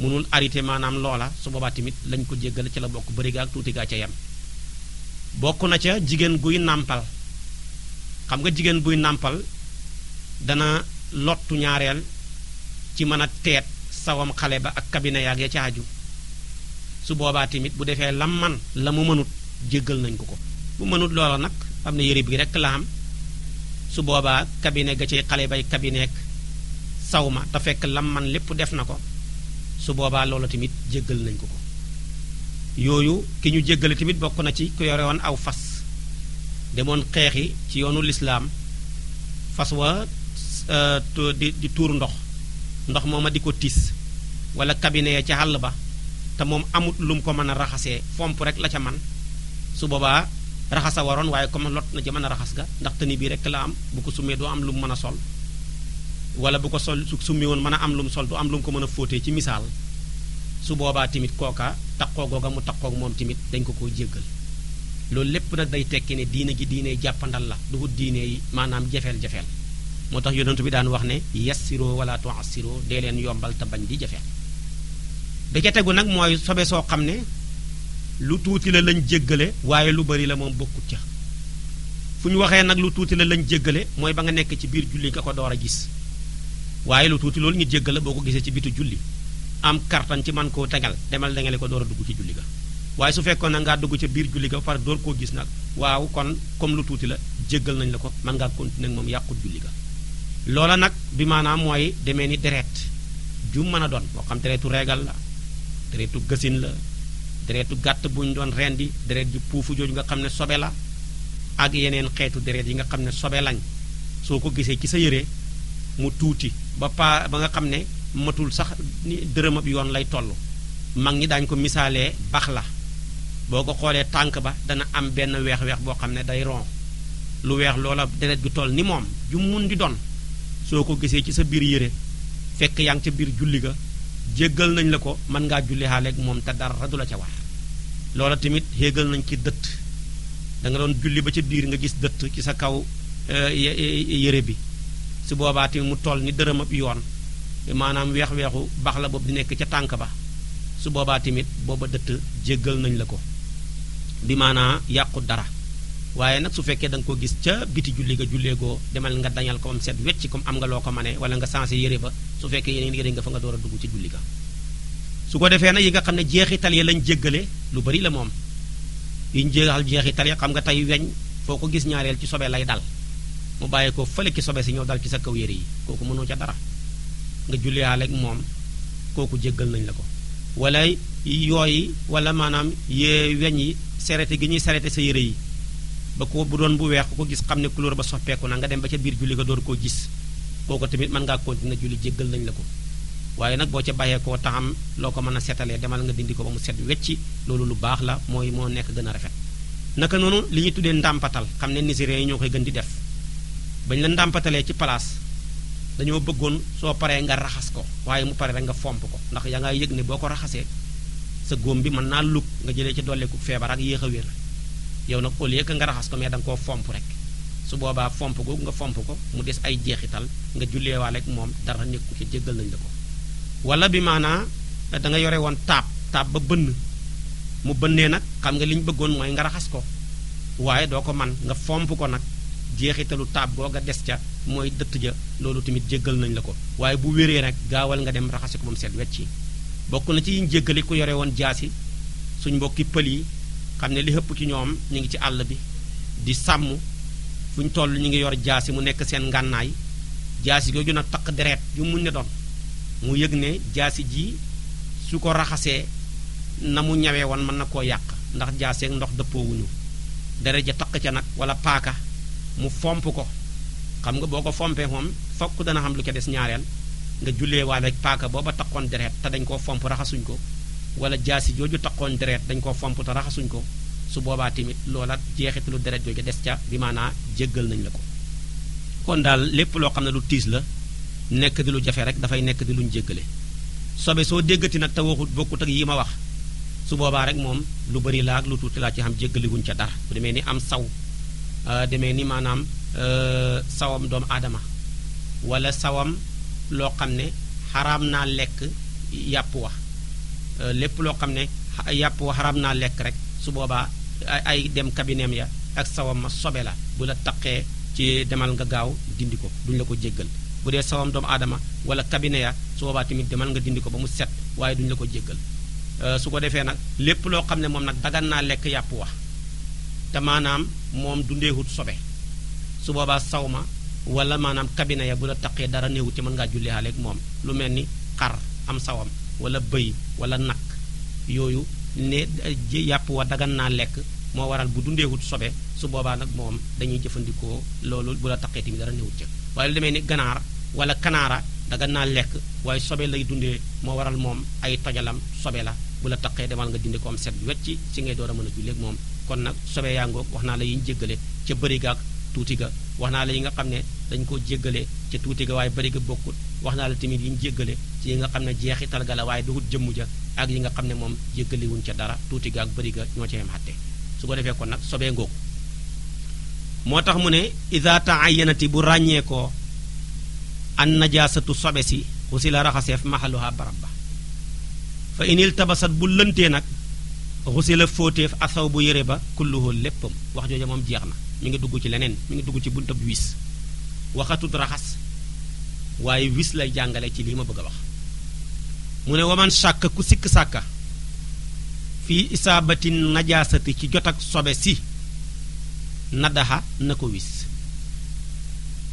mënul arrêté maanaam loola su boobaa tamit lañ ko jéggale ci la bokk bëri gaa ak tuuti gaa ca yem bokk na ca jigéen guy nàmpal xam nga jigéen buy nàmpal dana lottu ñaareel ci mën a teet sawam xale ba ak kabine yaag ya ca aju su boobaa tamit bu defee lam man la mu mënut jéggal nañ ko ko bu mënut loola nag am na yëre bi rekk la am su boobaa cabinet ga ci xale bay cabinet saw ma te fekk lam man lépp def na ko su boobaa loola tamit jéggal nañ ko ko yooyu ki ñu jéggale tamit bokk na ci ku yore woon aw fas demoon xeexi ci yoonu lislaam fas wa euh, di di tuur ndox ndox mooma di ko tiis wala cabinet ya ca àll ba te moom amut lum ko mën a raxasee fomp rek la ca man su boobaa a waroon waaye comme lot na jamono raxas ga ndax tëni bii rek la am bu ko summee doo am lu mën a sol wala bu ko sol su summi woon mën a am lu mu sol du am lu ko mën a fóotee ci misaal su boobaa tamit kooka taqoo googa mu taqoog moom tamit dañ ko koo jéggal loolu lépp nag day tekki ne diine ji diine jàppandal la du diine maanaam jafeel-jafeel moo tax yonentu bi daan wax ne walla wala tuassiroo dee leen yombal te bañ di jafeel soo xam ne lu tuuti la lañ jéggale waaye lu bari la moom bokkut ca fu ñu waxee nag lu tuuti la lañ jéggale mooy ba nga nekk ci biir julli nga ko door a gis waaye lu tuuti loolu ñu la boo ko gisee ci bitu julli am kartan ci man koo tegal demal dangale ko door a dugg ci waaye su fekkoon nag ngaa dugg ca biir julli ga ba pare koo gis nag waaw kon comme lu tuuti la jéggal nañ la ko mën ngaa continuer ak moom yàqut julli ga loola nag bi maanaam mooy demee ni deret ju mën a doon boo xam deretu reegal la deretu gasin la deretu gàtt bu ñu doon rendi deret ju puufu jooju nga xam ne sobe la ak yeneen xeetu deret yi nga xam ne sobe lañ soo ko gisee ci sa yére mu tuuti ba paa ba nga xam ne matul sax dërëm ab yoon lay toll mag ñi daañu ko misaalee bax la boo ko xoolee tànk ba dana am benn weex-weex boo xam ne day ron lu weex loola deret ju toll ni moom ju mun di doon soo ko gisee ci sa biir yére fekk yaa ngi ca biir julli ga jéggal nañ la ko mën ngaa julli xaaleeg moom te dara du la ca war loola tamit xéegal nañ ci dëtt da nga doon julli ba ca biir nga gis dëtt ci sa kaw eh, yére bi su boobaa tamit mu toll ni dërëm ab yoon maanaam weex-weexu baax la boobu di nekk ca tànk ba su boobaa tamit booba dëtt jéggal nañ la ko bi maanaa yàqu dara waaye nag su fekkee danga nga ko gis ca biti julli ga julleegoo demal nga dañal ko seet wecc comme am nga loo ko mane wala nga sensé yére ba su fekkee yeneen yére nga fa nga door a dugg ci julli ga su ko defee nag yi nga xam ne jeexital ya lañ jéggale lu bari la moom yi ñu jéexal jeexital ya xam nga tey weñ foo ko gis ñaareel ci sobe lay dal mu bàyyi ko fële ci sobe si ñëw dal ci sa kaw yére yi kooku mënoo ca dara nga julliyaale ak moom kooku jéggal nañ la ko wala yooyi wala maanaam yee weñ yi gi ñuy serete sa yére yi ba bu doon bu weex ku gis xam ne couleur ba soppeeku na nga dem ba ca biir julli nga door koo gis kooku tamit mën ngaa continuer julli jéggal nañ la ko waaye nag boo ca bàyyee koo loo ko mën a setalee demal nga dindi ko ba mu set wecci loolu lu baax la mooy moo nekk gën rafet naka noonu li ñuy tuddee ndàmpatal xam ne nigériens yi ñoo koy gën di def bañ la ndàmpatalee ci place dañoo bëggoon soo paree nga raxas ko waaye mu pare rek nga fomp ko ndax yaa nga yëg ne boo ko raxasee sa góom bi mën naa lug nga jëlee ci dolleeku feebar ak yéex a wér yow nag au lieu que nga raxas ko mais danga koo fomp rek su boobaa fomp googu nga fomp ko mu des ay jeexital nga julleewaale ak moom dara nekku ci jéggal nañ la ko wala bi maanaa da nga yore woon taab taab ba bënn mu bënnee nag xam nga li ñu bëggoon mooy nga raxas ko waaye doo ko man nga fomp ko nag jeexitalu taab googa des ca mooy dëtt ja loolu tamit jéggal nañ la ko waaye bu wéree rek gaawal nga dem raxase ko ba mu seet wecc bokk na ci yiñ jéggale ku yore woon jaasi suñ mbokki pël yi xam ne li ëpp ci ñoom ñu ngi ci àll bi di sàmm fuñ ñu ñu ngi yor jaasi mu nekk seen ngànnaay jaasi googu nag takk dereet yu mun ne doon mu yëg ne jaasi ji su ko raxasee na mu ñawee woon mën na koo yàq ndax jaasi ak ndox dëppoowuñu deret ja takk ca nag wala paaka mu fomp ko xam nga boo ko fompee moom fokk dana xam lu ca des ñaareel nga jullee waa ak paaka booba takkoon deret te dañ ko fomp raxasuñ ko wala jaasi jooju taqoon deret dañ koo fomp raxasuñ ko su boobaa tamit loola jeexitalu deret jooju des ca bi maanaa jéggal nañ la ko kon daal lépp loo xam ne lu tiis la nekk di lu jafe rek dafay nekk di luñ jéggale sobe soo déggati nag te waxut bokkut ak yi ma wax su boobaa rek moom lu bari laa lu tuuti laa ci xam jéggaliwuñ ca dara bu demee ni am saw euh, demee ni maanaam euh, sawam doomu aadama wala sawam loo xam ne xaraam naa lekk yàpp wax Euh, lépp loo xam ne yàpp wa xaraam naa lekk rek su boobaa ay dem kabineem ya ak sawam ma sobe la bu la taqee ci demal nga gaaw dindi ko duñ la ko jéggal bu dee sawam doomu aadama wala kabine ya su boobaa tamit demal nga dindi ko ba mu set waaye duñ la ko jéggal euh, su ko defee nag lépp loo xam ne moom nag dagan naa lekk yàpp wax te maanaam moom du ndeewut sobe su boobaa saw ma walla maanaam kabine ya bu la taqee dara néewut ci mën ngaa julli ale moom lu mel ni xar am sawam wala bëy wala nag yooyu ne yàpp wa dagan naa lekk moo waral bu dundeewut sobe su boobaa nag moom dañuy jëfandikoo loolu bu la taqee tamit dara newut ca waaye lu demee ni ganaar wala kanaara dagan naa lekk waaye sobe lay dundee moo waral moom ay tojalam sobe la bu la taqee demal nga dindi ko am set ci si ngay door a mën a julleeg moom kon nag sobe yaa ngoog wax naa la yi ñu jéggale ca bëri gaak tuuti ga wax naa la yi nga xam ne dañ ko jéggale ca tuuti ga waaye bari ga bokkut wax naa la tamit yi ñu jéggale ci yi nga xam ne jeexital ga la waaye duhut jëmm ja ak yi nga xam ne moom jéggaliwuñ ca dara tuuti ga ak bari ñoo ca yem xatte ko defee kon nag sobee ngóog tax mu ne ida taayanati bu ràññee koo an najaasatu sobe si xusi la raxaseef maxaluha barab ba fa indil tabasat bu lëntee nag xusi la fóoteef asaw bu yére ba kulluhu léppam wax jooja moom jeex na mi ngi dugg ci leneen mi ngi dugg ci bu wiis waxatut raxas waaye wis lay jàngale ci lii ma bëgg a wax mu ne waman sàkk ku sikk sàkka fii isaabati najaasati ci jot ak sobe si nadaxa na ko wis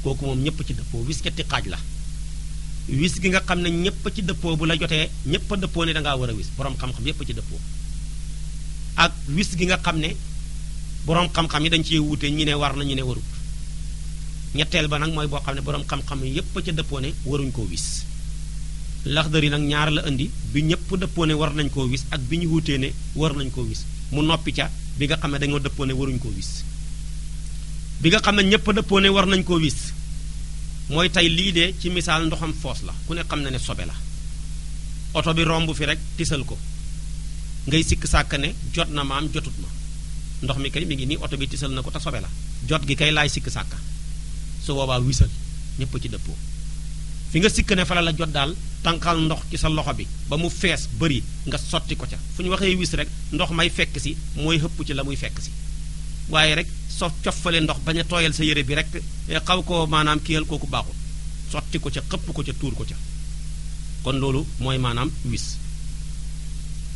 kooku moom ñépp ci dëppoo wis ñetti xaaj la wis gi nga xam ne ñépp ci dëppoo bu la jotee ñépp a dëppoo ne dangaa war a wis boroom xam-xam yépp ci dëppoo ak wis gi nga xam ne boroom xam-xam yi dañ cee wuute ñi ne war na ñu ne warut ñetteel ba nag mooy boo xam ne boroom xam-xam yépp ca dëppoone waruñ koo wis laxdar yi nag ñaar la indi bi ñëpp dëppoone war nañ koo wis ak ñu wuutee ne war nañ koo wis mu noppi ca bi nga xam ne dañoo dëppoone waruñ koo wis bi nga xam ne ñëpp dëppoone war nañ koo wis mooy tey lii de ci misaal ndoxam foos la ku ne xam na ne sobe la oto bi romb fi rek tisal ko ngay sikk sàkk ne jot na maam jotut ma ndox mi kay mi ngi nii oto bi tisal na ko te sobe la jot gi kay laay sikk sàkka su boobaa wisal ñëpp ci dëppoo fi nga sikk ne fa jot daal tànqal ndox ci sa loxo bi ba mu fees bëri nga sotti ko ca fu ñu waxee wis rek ndox may fekk si mooy xëpp ci la muy fekk si waaye rek so cofale ndox bañ a tooyal sa yére bi rek eh, xaw ko maanaam kiyal kooku baaxul sotti ko ca xëpp ko ca tuur ko ca kon loolu mooy maanaam wis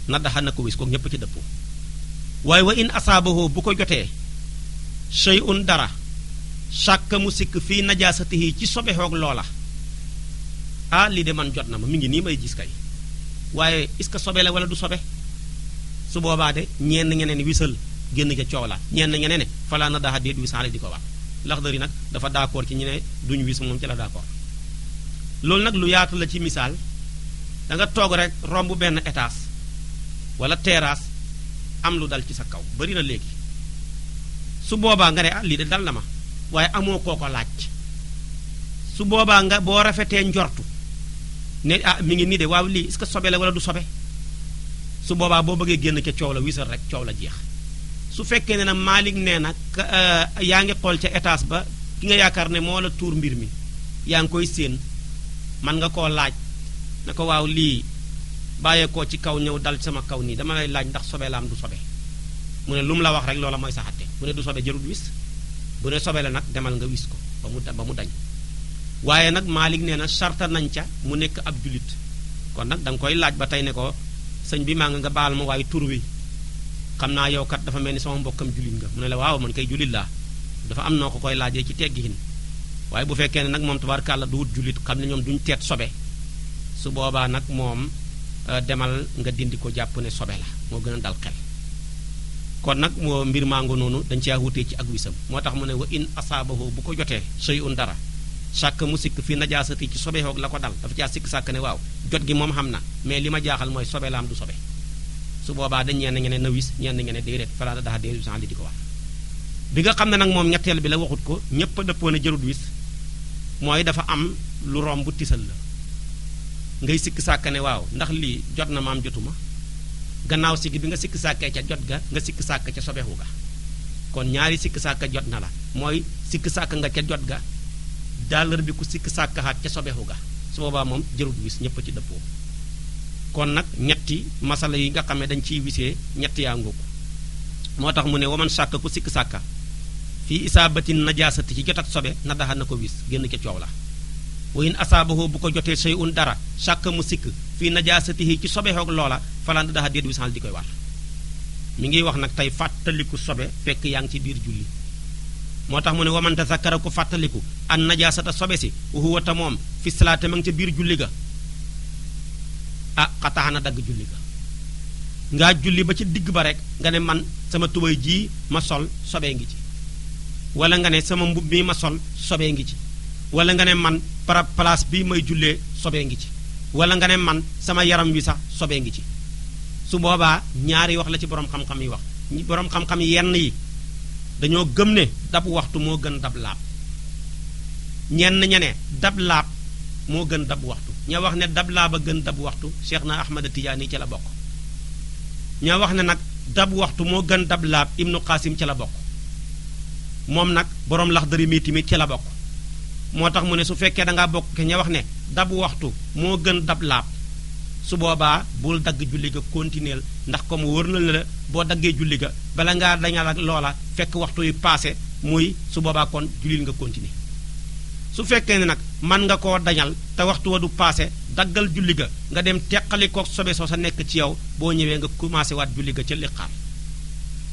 na daxa na ko wis ko ci dëppoo wa in asaabahoo bu ko jotee shay'un dara sàkk mu sikk fii najaasatihi ci sobee sobexoog loola ah lii de man jot na ma mi ngi nii may gis kay waaye est-ce sobe la wala du sobe su boobaa de ñenn ñeneen wisal génn ca coow la ñenn ñeneen ne falaa na daaxa déet wisaale di ko waat Laxdari nag dafa d'accord ci ñu ne duñ wis moom ci la d'accord loolu nag lu yaatu la ci misaal danga toog rek romb benn étage walla terrasse am lu dal ci sa kaw bari na léegi su boobaa nga ne ah lii de dal na ma waaye amoo koo ko laaj su boobaa nga boo rafetee njortu ne ah mi ngi nii de waaw lii est sobe la wala du sobe su boobaa boo bëggee génn ca coow la wisal rek coow la jeex su fekkee ne na Malick nee na eh, yaa ngi xool ca étage ba ki nga yaakaar ne moo la tuur mbir mi yaa ngi koy séen man nga koo laaj ne ko waaw lii bàyyeekoo ci kaw ñëw dal sama kaw nii dama lay laaj ndax sobe la am du sobe mu ne lu mu la wax rek loola mooy saxate mu ne du sobe jarul wis bu ne sobe la nag demal nga wis ko ba mu ba mu dañ waaye nag Malik nee na sarta nañ ca mu nekk ab julit kon nag danga koy laaj ba tey ne ko sëñ bi maa nga baal ma waaye tur wi xam naa yow kat dafa mel ni sama mbokkam julit nga mu ne la waaw man koy julit laa dafa am noo ko koy laajee ci teggiin waaye bu fekkee ne nag moom tabarkàlla du wut julit xam ne ñoom duñ teet sobe su boobaa nag moom euh, demal nga dindi ko jàpp ne sobe la moo gën a dal xel kon nag moo mbir mango noonu dañ caa wutee ci ak wisam moo tax mu ne wa in asaabahu bu ko jotee sey dara sàkk mu sikk fii najaasati ci sobehoog la ko dal dafa caa sikk sàkka ne waaw jot gi moom xam na mais li ma jaaxal mooy sobe la am du sobe su boobaa dañ ñeen ngeen na wis ñeen ngeen ne déedéet falaata daxa déedéet li di ko wax bi nga xam ne nag moom ñetteel bi la waxut ko ñépp a dëppoon a jërut wis mooy dafa am lu romb tisal la ngay sikk sàkk ne waaw ndax lii jot na maam jotuma gannaaw siggi bi nga sikk sàkkee ca jot ga nga sikk sàkk ca sobewu ga kon ñaari sikk sàkk jot na la mooy sikk sàkk nga ca jot ga dàllar bi ku sikk sàkkaat ca sobewu ga su boobaa moom jërut wis ñépp ci dëppoo kon nag ñetti masala yi nga xam ne dañ ciy wisee ñetti yaa ngóog moo tax mu ne waman sàkk ku sikk sàkka fii isaabatin najaasati ci jot ak sobe na daxa na ko wis génn ca coow la wa in asaabahu bu ko jotee sey un dara chàkk mu sikk fii najaasatihi ci sobexoog loola falaan dadaa déet wisal di koy war mi ngi wax nag tey fàttaliku sobe fekk yaa ngi ci biir julli moo tax mu ne waman tasakkara ku fàttaliku an najaasata sobe si huwa ta moom fi salaate ma ngi ca biir julli ga ah xataa dagg julli ga ngaa julli ba ci digg ba rek nga ne man sama tubay jii ma sol sobee ngi ci walla nga ne sama mbub mii ma sol sobee ngi ci wala nga ne man para place bi may jullee sobee ngi ci wala nga ne man sama yaram wi sax sobee ngi ci su boobaa ñaari wax la ci borom xam-xam yi wax boroom xam-xam yenn yi dañoo gëm ne dab waxtu moo gën dab laab ñenn ña ne dab laab moo gën dab waxtu ña wax ne dab laab a gën dab waxtu Cheikh na Ahmada Tijaani ca la bokk ña wax ne nag dab waxtu moo gën dab laab Ibnu Qasim ca la bokk moom nag borom Laxdari mii tamit ca la bokk moo tax mu ne su fekkee dangaa bokk ke ña wax ne dabu waxtu moo gën dab laab su boobaa bul dagg julli ga continuer ndax ko mu wër na la boo daggee julli ga bala ngaa dañal ak loola fekk waxtu yu paase muy su boobaa kon jullil nga continuer su fekkee ne nag mën nga koo dañal te waxtu wa du paase daggal julli ga nga dem teqali kook sobe soo sa nekk ci yow boo ñëwee nga commencé waat julli ga ca liqaar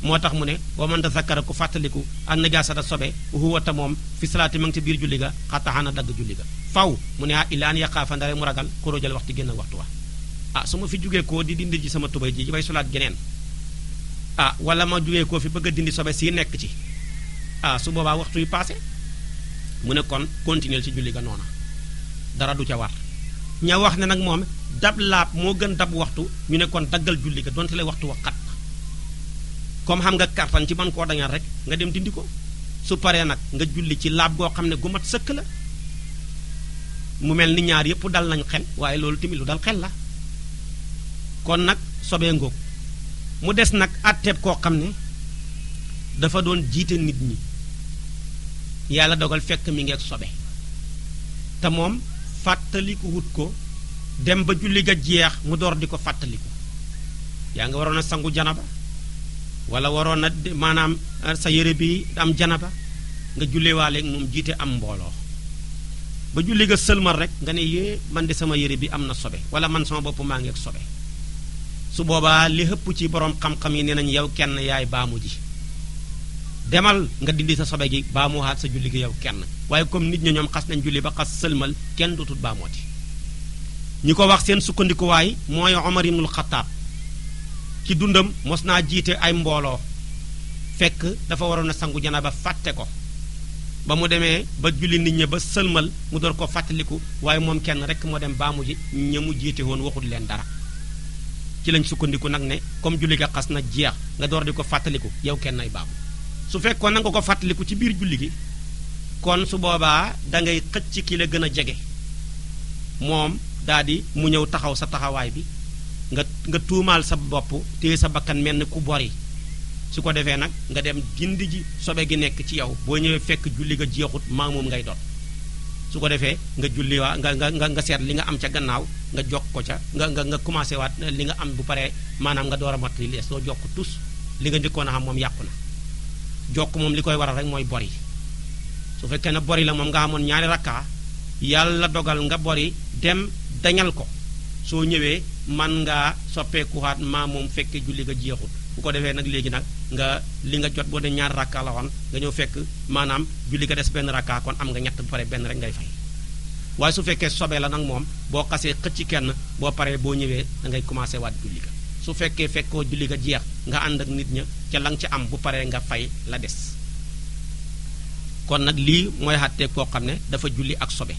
moo tax mu ne wa man tazakkara ku fàttaliku ak najaasata sobe huwa ta moom fi salaati ma ngi ci biir julli ga xataxaana dagg julli ga faw mu ne ah illaan yaqaafa ndare mu ragal xurujal waxtu génn waxtu wa ah su ma fi jugee koo di dindi ji sama tubay ji bay solaat geneen ah wala ma jugee koo fi bëgg a dindi sobe si nekk ci ah su boobaa waxtu yu paase mu ne kon continuer ci julli ga noona dara du ca war ña wax ne nag moom dab laab moo gën dab waxtu ñu ne daggal julli ga lay waxtu wa comme xam nga kartan ci mën koo dañal rek nga dem dindi ko su paree nag nga julli ci laab goo xam ne gu mat sëkk la mu mel ni ñaar yëpp dal nañ xel waaye loolu tamit lu dal xel la kon nag sobee ngoog mu des nag àtteeb koo xam ne dafa doon jiite nit ñi yàlla dogal fekk mi ngeeg sobe te moom fàttaliku wut ko dem ba julli ga jeex mu door di ko fàttaliku yaa nga waroon a sangu janaba wala waroon na maanaam ah, sa yére bi am janaba nga jullewaaleeg moom jiite am mbooloo ba julli nga sëlmal rek nga ne yée man de sama yére bi am na sobe wala man sama bopp maa ngi ak sobe su boobaa li xëpp ci boroom xam-xam yi ne nañ yow kenn yaay baamu ji demal nga dindi sa sobe gi baa mu baamuwaat sa julli gi yow kenn waaye comme nit ñi ñoom xas nañ julli ba xas sëlmal kenn dootul baamooti ñi ko wax seen sukkandikuwaay mooy Omar ibnul ci dundam mos naa jiite ay mbooloo fekk dafa waroon a sangu ba fàtte ko ba mu demee ba julli nit ñi ba sëlmal mu door ko fàttaliku waaye moom kenn rek moo dem baamu ji ña mu jiite woon waxul leen dara ci lañ sukkandiku nag ne comme julli ga xas na jeex nga door di ko fàttaliku yow kenn ay baamu su fekkoon na nga ko fàttaliku ci biir julli gi kon su boobaa dangay xëcc ki la gën a jege moom daal mu ñëw taxaw sa taxawaay bi nga nga tuumaal sa bopp téye sa bakkan mel na ku bori su ko defee nag nga dem gindi ji sobe gi nekk ci yow boo ñëwee fekk julli nga jeexut maa moom ngay dot su ko defee nga julli waa nga nga nga seet li nga am ca gannaaw nga jokk ko ca nga nga nga commencé waat eh, li nga am bu paree maanaam nga door a mat li soo jokk tus li nga njëkkoon a yàqu na jokk moom li koy waral rek mooy bor yi su fekkee ne bori la moom nga amoon ñaari rakkaa yàlla dogal nga bori dem dañal ko soo ñëwee man ngaa soppeekuwaat maa moom fekkee julli nga jeexul bu ko defee nag léegi nag nga li nga jot boo ne ñaar rakka la woon nga ñëw fekk maanaam julli nga des benn rakka kon am nga ñett bu paree benn rek ngay fay waaye su fekkee sobe la nag moom boo xasee xëcc kenn boo paree boo ñëwee da ngay commencé waat julli ga su fekkee fekkoo julli nga jeex nga ànd ak nit ña ca la nga ca am bu paree nga fay la des kon nag lii mooy xàttee koo xam ne dafa julli ak sobe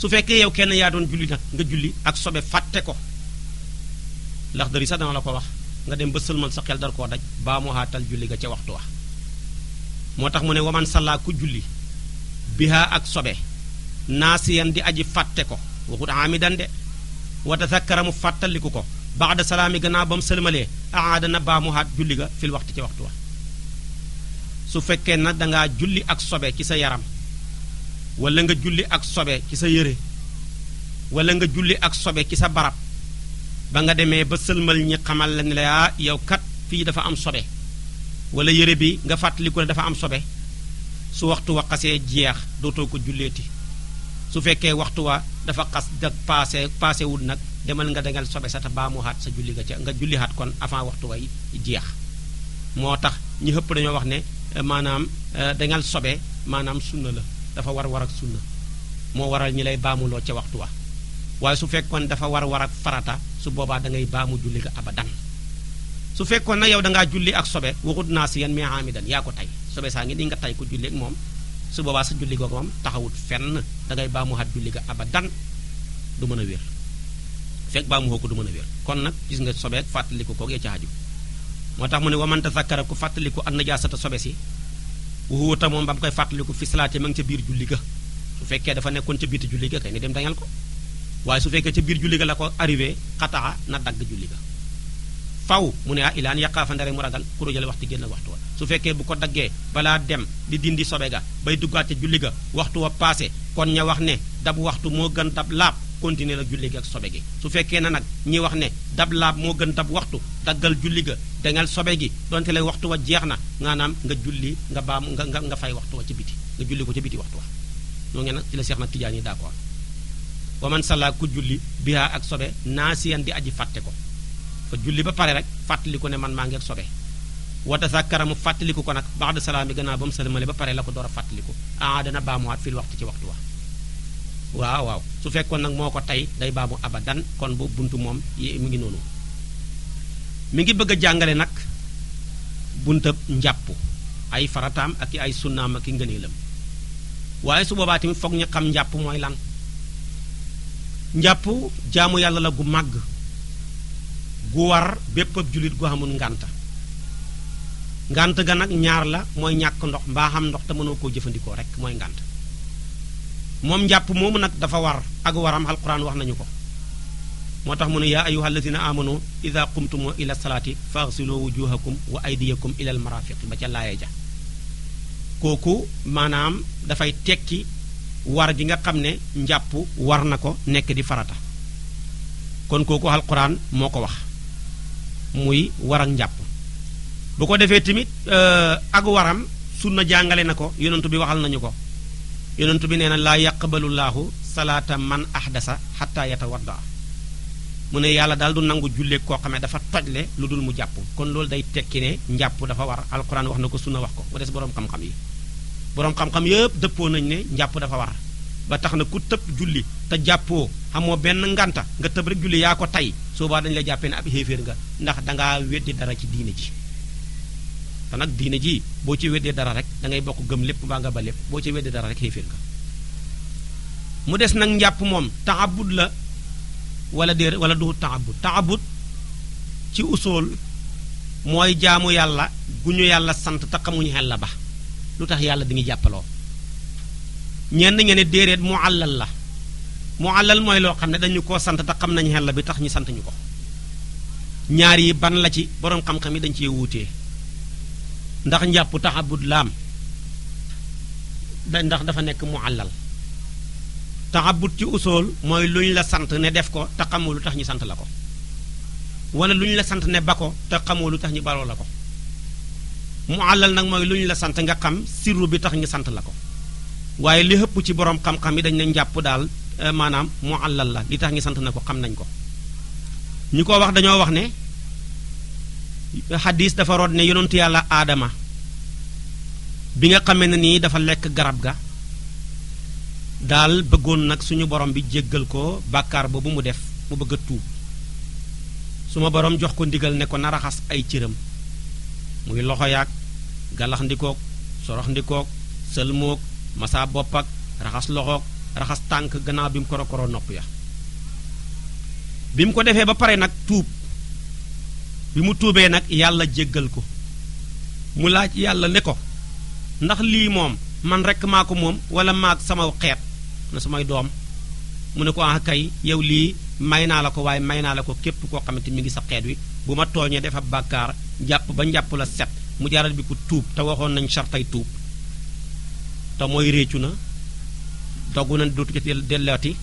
su fekkee yow kenn yaa doon julli nga julli ak sobe fàtte ko Laxdari sax dana la ko wax nga dem ba sëlmal sa xel dar koo daj baa julli ga ca waxtu wa moo tax mu ne waman salla julli biha ak sobe naasiyan di aji fàtte ko waxut amidan de wa tasakkara mu fàttaliku ko baxda salaami gannaaw ba mu sëlmalee aada na baa mu haat julli ga fil waxtu ca waxtu wa su fekkee nag dangaa julli ak sobe ci sa yaram wala nga julli ak sobe ci sa yére wala nga julli ak sobe ci sa barab ba nga demee ba sëlmal ñi xamal la ne la ah yow kat fii dafa am sobe wala yére bi nga fàttaliku ne dafa am sobe su waxtu wa xasee jeex dootoo ko julleeti su fekkee waxtu wa dafa xas da paase paase wul nag demal nga dangal sobe sa te baamuwaat sa julli nga ca nga julliwaat kon avant waxtu way jeex moo tax ñu xëpp dañoo wax ne eh, maanaam eh, dangal sobe maanaam sunna la dafa war war ak sunna moo waral ñi lay baamuloo ca waxtu wa waaye su fekkoon dafa war war ak farata su boobaa dangay ngay baamu julli ga abadan su fekkoon nag yow dangaa julli ak sobe waxut naa si yan mais amidan yaa ko tey sobe saa ngi ni nga tey ko julli moom su boobaa sa julli googu moom taxawut fenn da ngay baamu xat julli ga abadan du mën a wér fekk baamu ko du mën a wér kon nag gis nga sobeek fàttaliku koog ya ca xaju moo tax mu ne waman tazakkara ku fàttaliku an najaasata sobe si wuxuu ta moom ba mu koy fàttaliku fi ma ngi ca biir julli ga su fekkee dafa nekkoon ca biiti julli ga kay nga dem dañal ko waaye su fekkee ca biir julli ga la ko arrivé xataa na dagg julli ga faw mu ne ah ilaan yaqaafa ndare mu ragal kurójale waxtu génn waxtu wa su fekkee bu ko daggee balaa dem di dindi sobe ga bay duggaat ca julli ga waxtu wa passé kon ña wax ne dab waxtu moo gën dab laab continuer nag julli gi ak sobe gi su fekkee na nag ñi wax ne dab laab moo gën dab waxtu daggal julli ga dangal sobe gi donte la waxtu wa jeex na maanaam nga julli nga baam nga nga fay waxtu wa ci biti nga julli ko ca biti waxtu wa ñoo ngi nag ci la seex nag tijaan yi d'accord wa man salla ku julli bihaa ak sobe naa naasiyan di aji fàtte ko fa julli ba pare rek fàttaliku ne man maa ngi ak sobe wa tasakkara mu fàttaliku ko nag ba'da bi gannaaw ba mu salmale ba pare la ko door a fàttaliku ah dana baamuwaat fil waxtu ci waxtu wa su fekkoon nag moo ko tey day baamu abadan kon bu bunt moom yi mu ngi noonu mi ngi bëgg a jàngale nag buntab njàpp ay farataam ak i ay sunnaam ak i ngëneelam waaye su boobaa tamit foog ñu xam njàpp mooy lan njàpp jaamu yàlla la gu màgg gu war bépp ab jullit gu amul ngànta ngànt ga nag ñaar la mooy ñàkk ndox mbaa xam ndox te mënoo ko jëfandikoo rek mooy ngant moom njàpp moomu nag dafa war ak waram alquran wax nañu ko moo tax mu ne yaa ayuha alladina amanu ida qumtum ila salaati faghsilu wujuhakum wa aydiyakum ila almarafiq ba ca laaya ja kooku maanaam dafay tekki war ji nga xam ne njàpp war na ko nekk di farata kon kooku alquran moo ko wax muy war ak njàpp bu ko defee tamit euh, ak waram sunna jàngale na ko yonentu bi waxal nañu ko yonentu bi nee na laa yaqbalullaahu salaata man ahdasa xatta yatawadda mu ne yàlla daal du nangu jullee koo xamee dafa tojle lu dul mu jàpp kon loolu day tekki ne njàpp dafa war alquran wax na ko sunna wax ko bu des boroom xam-xam yi boroom xam-xam yëpp dëppoo nañ ne njàpp dafa war ba tax na ku tëb julli te jàppoo xamoo benn nganta nga tëb rek julli yaa ko tey soobaa dañu la jàppee ne ab xéeféer nga ndax dangaa weddi dara ci diine ji te nag diine ji boo ci weddee dara rek da ngay bokk gëm lépp mbaa nga ba lépp boo ci weddee dara rek xéeféer nga mu des nag njàpp moom taabud la wala déer wala du taabud taabud ci usool mooy jaamu yàlla gu ñu yàlla sant te xamuñu xel la ba lu tax yàlla di ñu jàppaloo ñenn ñe ne déedéet mu àllal la mu àllal mooy loo xam ne dañu koo sant te xam nañu la bi tax ñu sant ñu ko ñaar yi ban la ci boroom xam-xam yi dañ cee wuutee ndax njàpp taxabut laam da ndax dafa nekk mu àllal taxabut ci usool mooy luñ la sant ne def ko te xamul lu tax ñu sant la ko wala luñ la sant ne ba ko te xamoo lu tax ñi baroo la ko mu àllal nag mooy lu ñu la sant nga xam sirru bi tax ñu sant la ko waaye li ëpp ci borom xam-xam yi dañ ne njàpp daal eh, maanaam mu àllal la li tax ñu sant na ko xam nañ ko ñu ko wax dañoo wax ne xadis dafa root ne yonentu yàlla aadama bi nga xamee na nii dafa lekk garab ga daal bëggoon nag suñu borom bi jéggal ko bàkkaar boobu mu def mu bëgg a tuub suma borom jox ko ndigal ne ko na raxas ay cëram muy loxo yaag galax ndikook sorox ndikook masaa bopp ak raxas loxook raxas tànk gannaaw bi mu koro koro nopp ya bi mu ko defee ba pare nag tuub bi mu tuubee nag yàlla jéggal ko mu laaj yàlla ne ko ndax lii moom man rekk maa ko moom wala maag sama xeet na samay doom mu ne ko ah kay yow lii may naa la ko waaye may naa la ko képp koo xamante mi ngi sa xeet wi bu ma tooñee def ab bàkkaar jàpp ba njàpp la set mu jaaral bi ko tuub te waxoon nañ sartay tuub te mooy réccu na doggu na dootu ca dellooti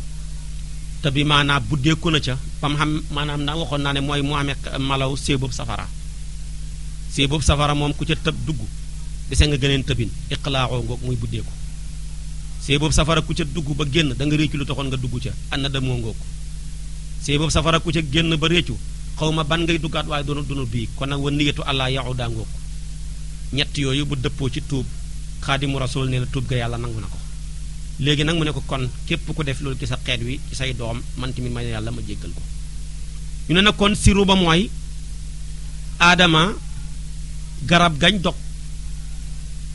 te bi maanaam buddeeku na ca ba mu xam maanaam naa waxoon naa ne mooy mu amee malaw see boobu safara see boobu safara moom ku ca tëb dugg dese nga gëneen tëbin iqlaaxoo ngoog muy buddeeku see boobu safara ku ca dugg ba génn da nga réccu lu taxoon nga dugg ca ànd demoo ngoog see boobu safara ku ca génn ba réccu xaw ma ban ngay duggaat waaye doona doona bii kon nag wa niyatu allah yahuda ngoog ñett yooyu bu dëppoo ci tuub xaadimu rasul nee na tuub ga yàlla nangu na ko léegi nag mu ne ko kon képp ku def loolu ci sa xeet wi ci say doom man tamit ma yàlla ma jéggal ko ñu ne na kon siru ba mooy aadama garab gañ dog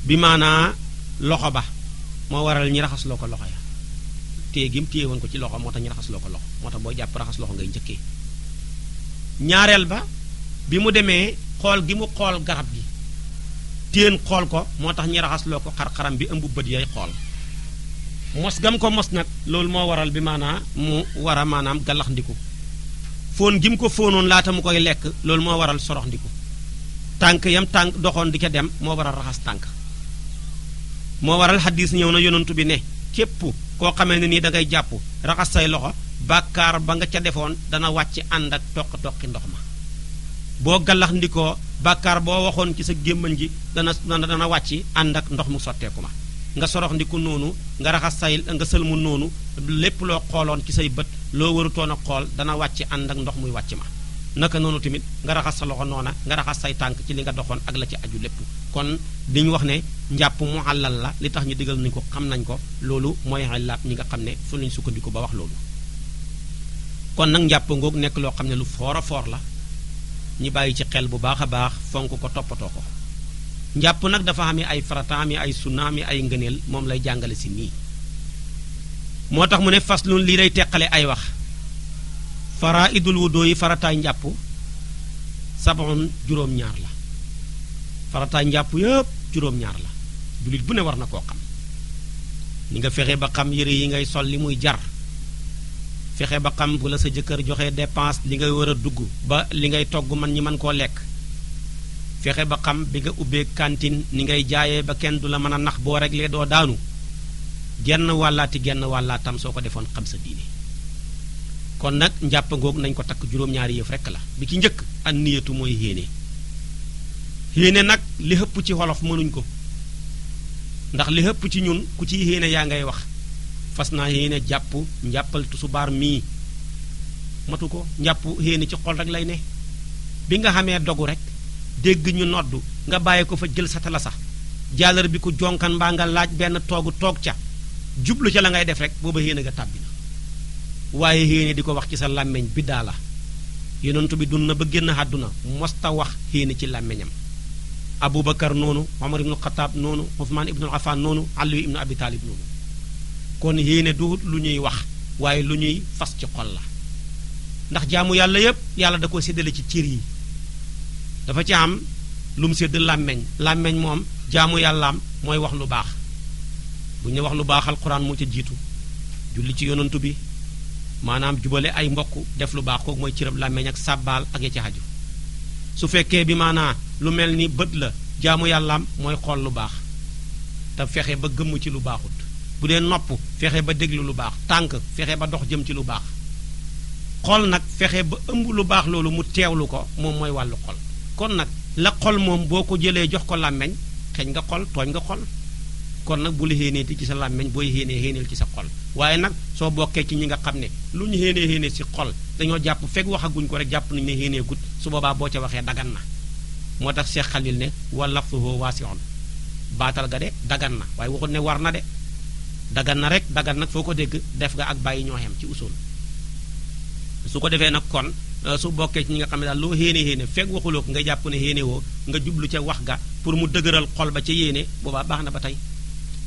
bi maanaa loxo ba moo waral ñi raxas loo ko loxo ya téye gim téye woon ko ci loxo moo tax ñu raxas loo ko loxo moo tax boo jàpp raxas loxo ngay njëkkee ñaareel ba bi mu demee xool gi mu xool garab gi téen xool ko moo tax ñi raxasloo ko xarxaram bi ëmb bët yay xool mos gam ko mos nag loolu moo waral bi maanaa mu war a maanaam galax ndiku fóon gi mu ko fóonoon laata mu koy lekk loolu moo waral sorox tànk yam tànk doxoon di ca dem moo waral raxas tànk moo waral xaddiis ñëw na yonantu bi ne képpu koo xamee ne nii dangay jàpp raxas say loxo bàkkaar ba nga ca defoon dana wàcc ànd ak toq-toqi ndox ma boo gallax ndikoo bàkkaar boo waxoon ci sa gémmañ gi dana dana wàcc ànd ak ndox mu sotteeku ma nga sorox noonu nga raxas say nga mu noonu lépp loo xooloon ci say bët loo warutoon a xool dana wàcc ànd ak ndox muy wàcc ma naka noonu tamit nga raxas sa loxo noona nga raxas say tànk ci li nga doxoon ak la ci aju lépp kon li ñu wax ne njàpp mu àllal la li tax ñu digal nañ ko xam nañ ko loolu mooy àllab ñi nga xam ne fu lañu sukkandiku ba wax loolu kon nag njàpp ngoog nekk loo xam ne lu foor a foor la ñu bàyyi ci xel bu baax a baax fonk ko toppatoo ko njàpp nag dafa am ay farataami ay sunnaam ay ngëneel moom lay jàngale si nii moo tax mu ne fas faslun lii lay teqale ay wax faraidul wudo yi farataay njàpp sabon juróom-ñaar la farataay njàpp yëpp juróom-ñaar la jullit bu ne war na koo xam ni nga fexe ba xam yëre yi ngay sol li muy jar fexe ba xam bu la sa jëkkër joxe dépense li ngay war a dugg ba li ngay togg man ñi man koo lekk fexe ba xam bi nga ubbee cantine ni ngay jaayee ba kenn du la mën a nax boo réglee doo daanu genn wàllaati genn wàllaatam soo ko defoon xam sa diine kon nag njàpp ngoog nañ ko takk juróom-ñaari yëf rekk la bi ci njëkk an niyatu mooy yéene yéene nag li xëpp ci wolof mënuñ ko ndax li xëpp ci ñun ku ciy yéene yaa ngay wax fas naa yéene jàpp njàppal tusubaar mii matu ko jàpp yéene ci xol rek lay ne bi nga xamee dogu rek dégg ñu nodd nga bàyyi ko fa jël sa tala sax jàllar bi ku jonkan mbaa nga laaj benn toogu toog ca jublu ca la ngay def rek booba yéene nga tàbbi na waaye yéene di ko wax ci sa làmmiñ bi daa la yonentu bi na ba génn àdduna mosta wax yéene ci làmmiñam abubakar noonu omar ibnul xataab noonu usmaan ibnul affaan noonu ali ibnu abi taalib noonu kon yéene du lu ñuy wax waaye lu ñuy fas ci xol la ndax jaamu yàlla yépp yàlla da ko séddale ci ciir yi dafa ci am lu mu sédd làmmeñ làmmeñ moom jaamu yàllaam mooy wax lu baax bu ñu wax lu baaxal alxuraan moo ca jiitu julli ci yonantu bi maanaam jubale ay mbokk def lu baax kooku mooy cërab làmmeñ ak sàbbaal ak ya ci xaju su fekkee bi maanaa lu mel ni bët la jaamu yàllaam mooy xool lu baax te fexe ba gëmm ci lu baaxut bu dee nopp fexe ba déglu lu baax tànk fexe ba dox jëm ci lu baax xol nag fexe ba ëmb lu baax loolu mu teewlu ko moom mooy wàllu xol kon nag la xol moom boo ko jëlee jox ko làmmeñ xeñ nga xol tooñ nga xol kon nag bu la xéeneeti ci sa làmmeñ booy xéenee xéeneel ci sa xol waaye nag soo bokkee ci ñi nga xam ne lu ñu xéenee xéenee ci xol dañoo jàpp fekk waxaguñ ko rek jàpp nañu ne xéenee gut su boobaa boo ca waxee dagan na moo tax Cheikh Khalil ne wa lafzuhu waasi'un baatal ga de dagan na na dagan na rek nag foo ko dégg def nga ak bàyyi ñoo xem ci usul su ko defee nag kon euh, su bokkee ci ñi nga xam ne daal loo xéene xéene fekk waxuloo ko nga jàpp ne xéene woo nga jublu ca wax ga pour mu dëgëral xol ba ca yéene boobaa baax na ba tey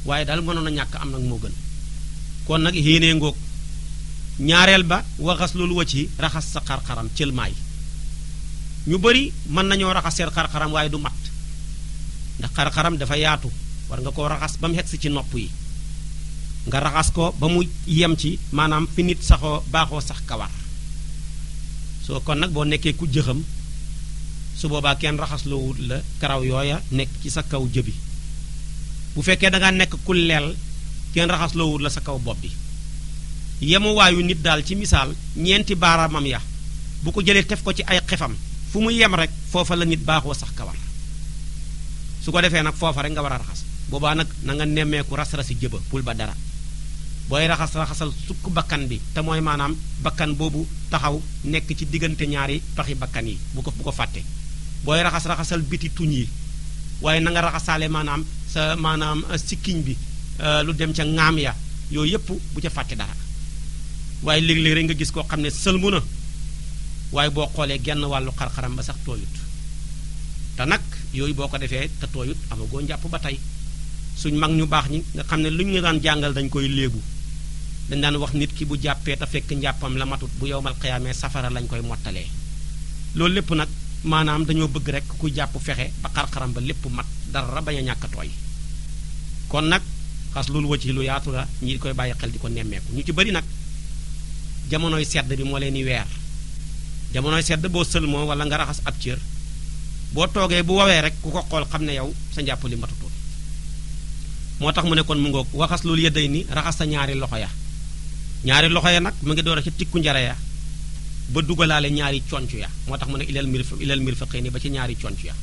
waaye daal manoon a ñàkk am nag moo gën kon nag xéene ngoog ñaareel ba waxas loolu wa ci raxas sa xarxaram xaram cëlmaay ñu bëri mën nañoo raxas seen xar-xaram waaye du mat ndax xar-xaram dafa yaatu war nga koo raxas ba mu xegsi ci nopp yi nga raxas ko ba mu yem ci maanaam fi nit saxoo baaxoo sax kawar soo kon nag boo nekkee ku jëxam su boobaa kenn raxasloo wut la karaw yooya nekk ci sa kaw jëbi bu fekkee dangaa nekk ku leel kenn raxasloo la sa kaw bopp bi yemuwaayu nit daal ci misaal ñeenti baaraamam ya bu ko jëlee tef ko ci ay xefam fu mu yem rek foofa la nit baaxoo sax kawar su ko defee nag foofa rek nga war a raxas boobaa nag na nga nemmeeku ras-rasi jëba bul ba dara booy raxas raxasal sukk bakkan bi te mooy maanaam bakkan boobu taxaw nekk ci diggante ñaari paxi bakkan yi bu ko bu ko fàttee booy raxas raxasal biti tuñ yi waaye na nga raxasaale maanaam sa maanaam euh, sikkiñ bi euh, lu dem ca ŋaam ya yooyu yëpp bu ca fàtte dara waaye léeg-léeg rek nga gis koo xam ne sëlmu na waaye boo xoolee genn wàllu xar ba sax tooyut te nag yooyu boo ko defee te tooyut amagoo njàpp ba tey suñ mag ñu baax ñi nga xam ne luñ ñu daan jàngal dañ koy léegu dañ daan wax nit ki bu jàppee te fekk njàppam la matut bu yowmal xiyaamee safara lañ koy mottalee loolu lépp nag maanaam dañoo bëgg rek ku jàpp fexe ba xar ba lépp mat dara bañ a ñàkk tooy kon nag xas loolu wacci lu yaatu la ñi di koy bàyyi xel di ko nemmeeku ñu ci bari nag jamonoy sedd bi moo leen di weer jamonoy sedd boo sël moo wala nga raxas ab cër boo toogee bu wowee rek ku ko xool xam ne yow sa njàpp li matutoon moo tax mu ne kon mu ngoog loolu yëdday ni raxas sa ñaari loxo ya ñaari loxo ya nag mu ngi door a ca tikku njare ya ba dugalaale ñaari conc ya moo tax mu ne ilal mirfa ilal mirfaqayni ba ci ñaari conc ya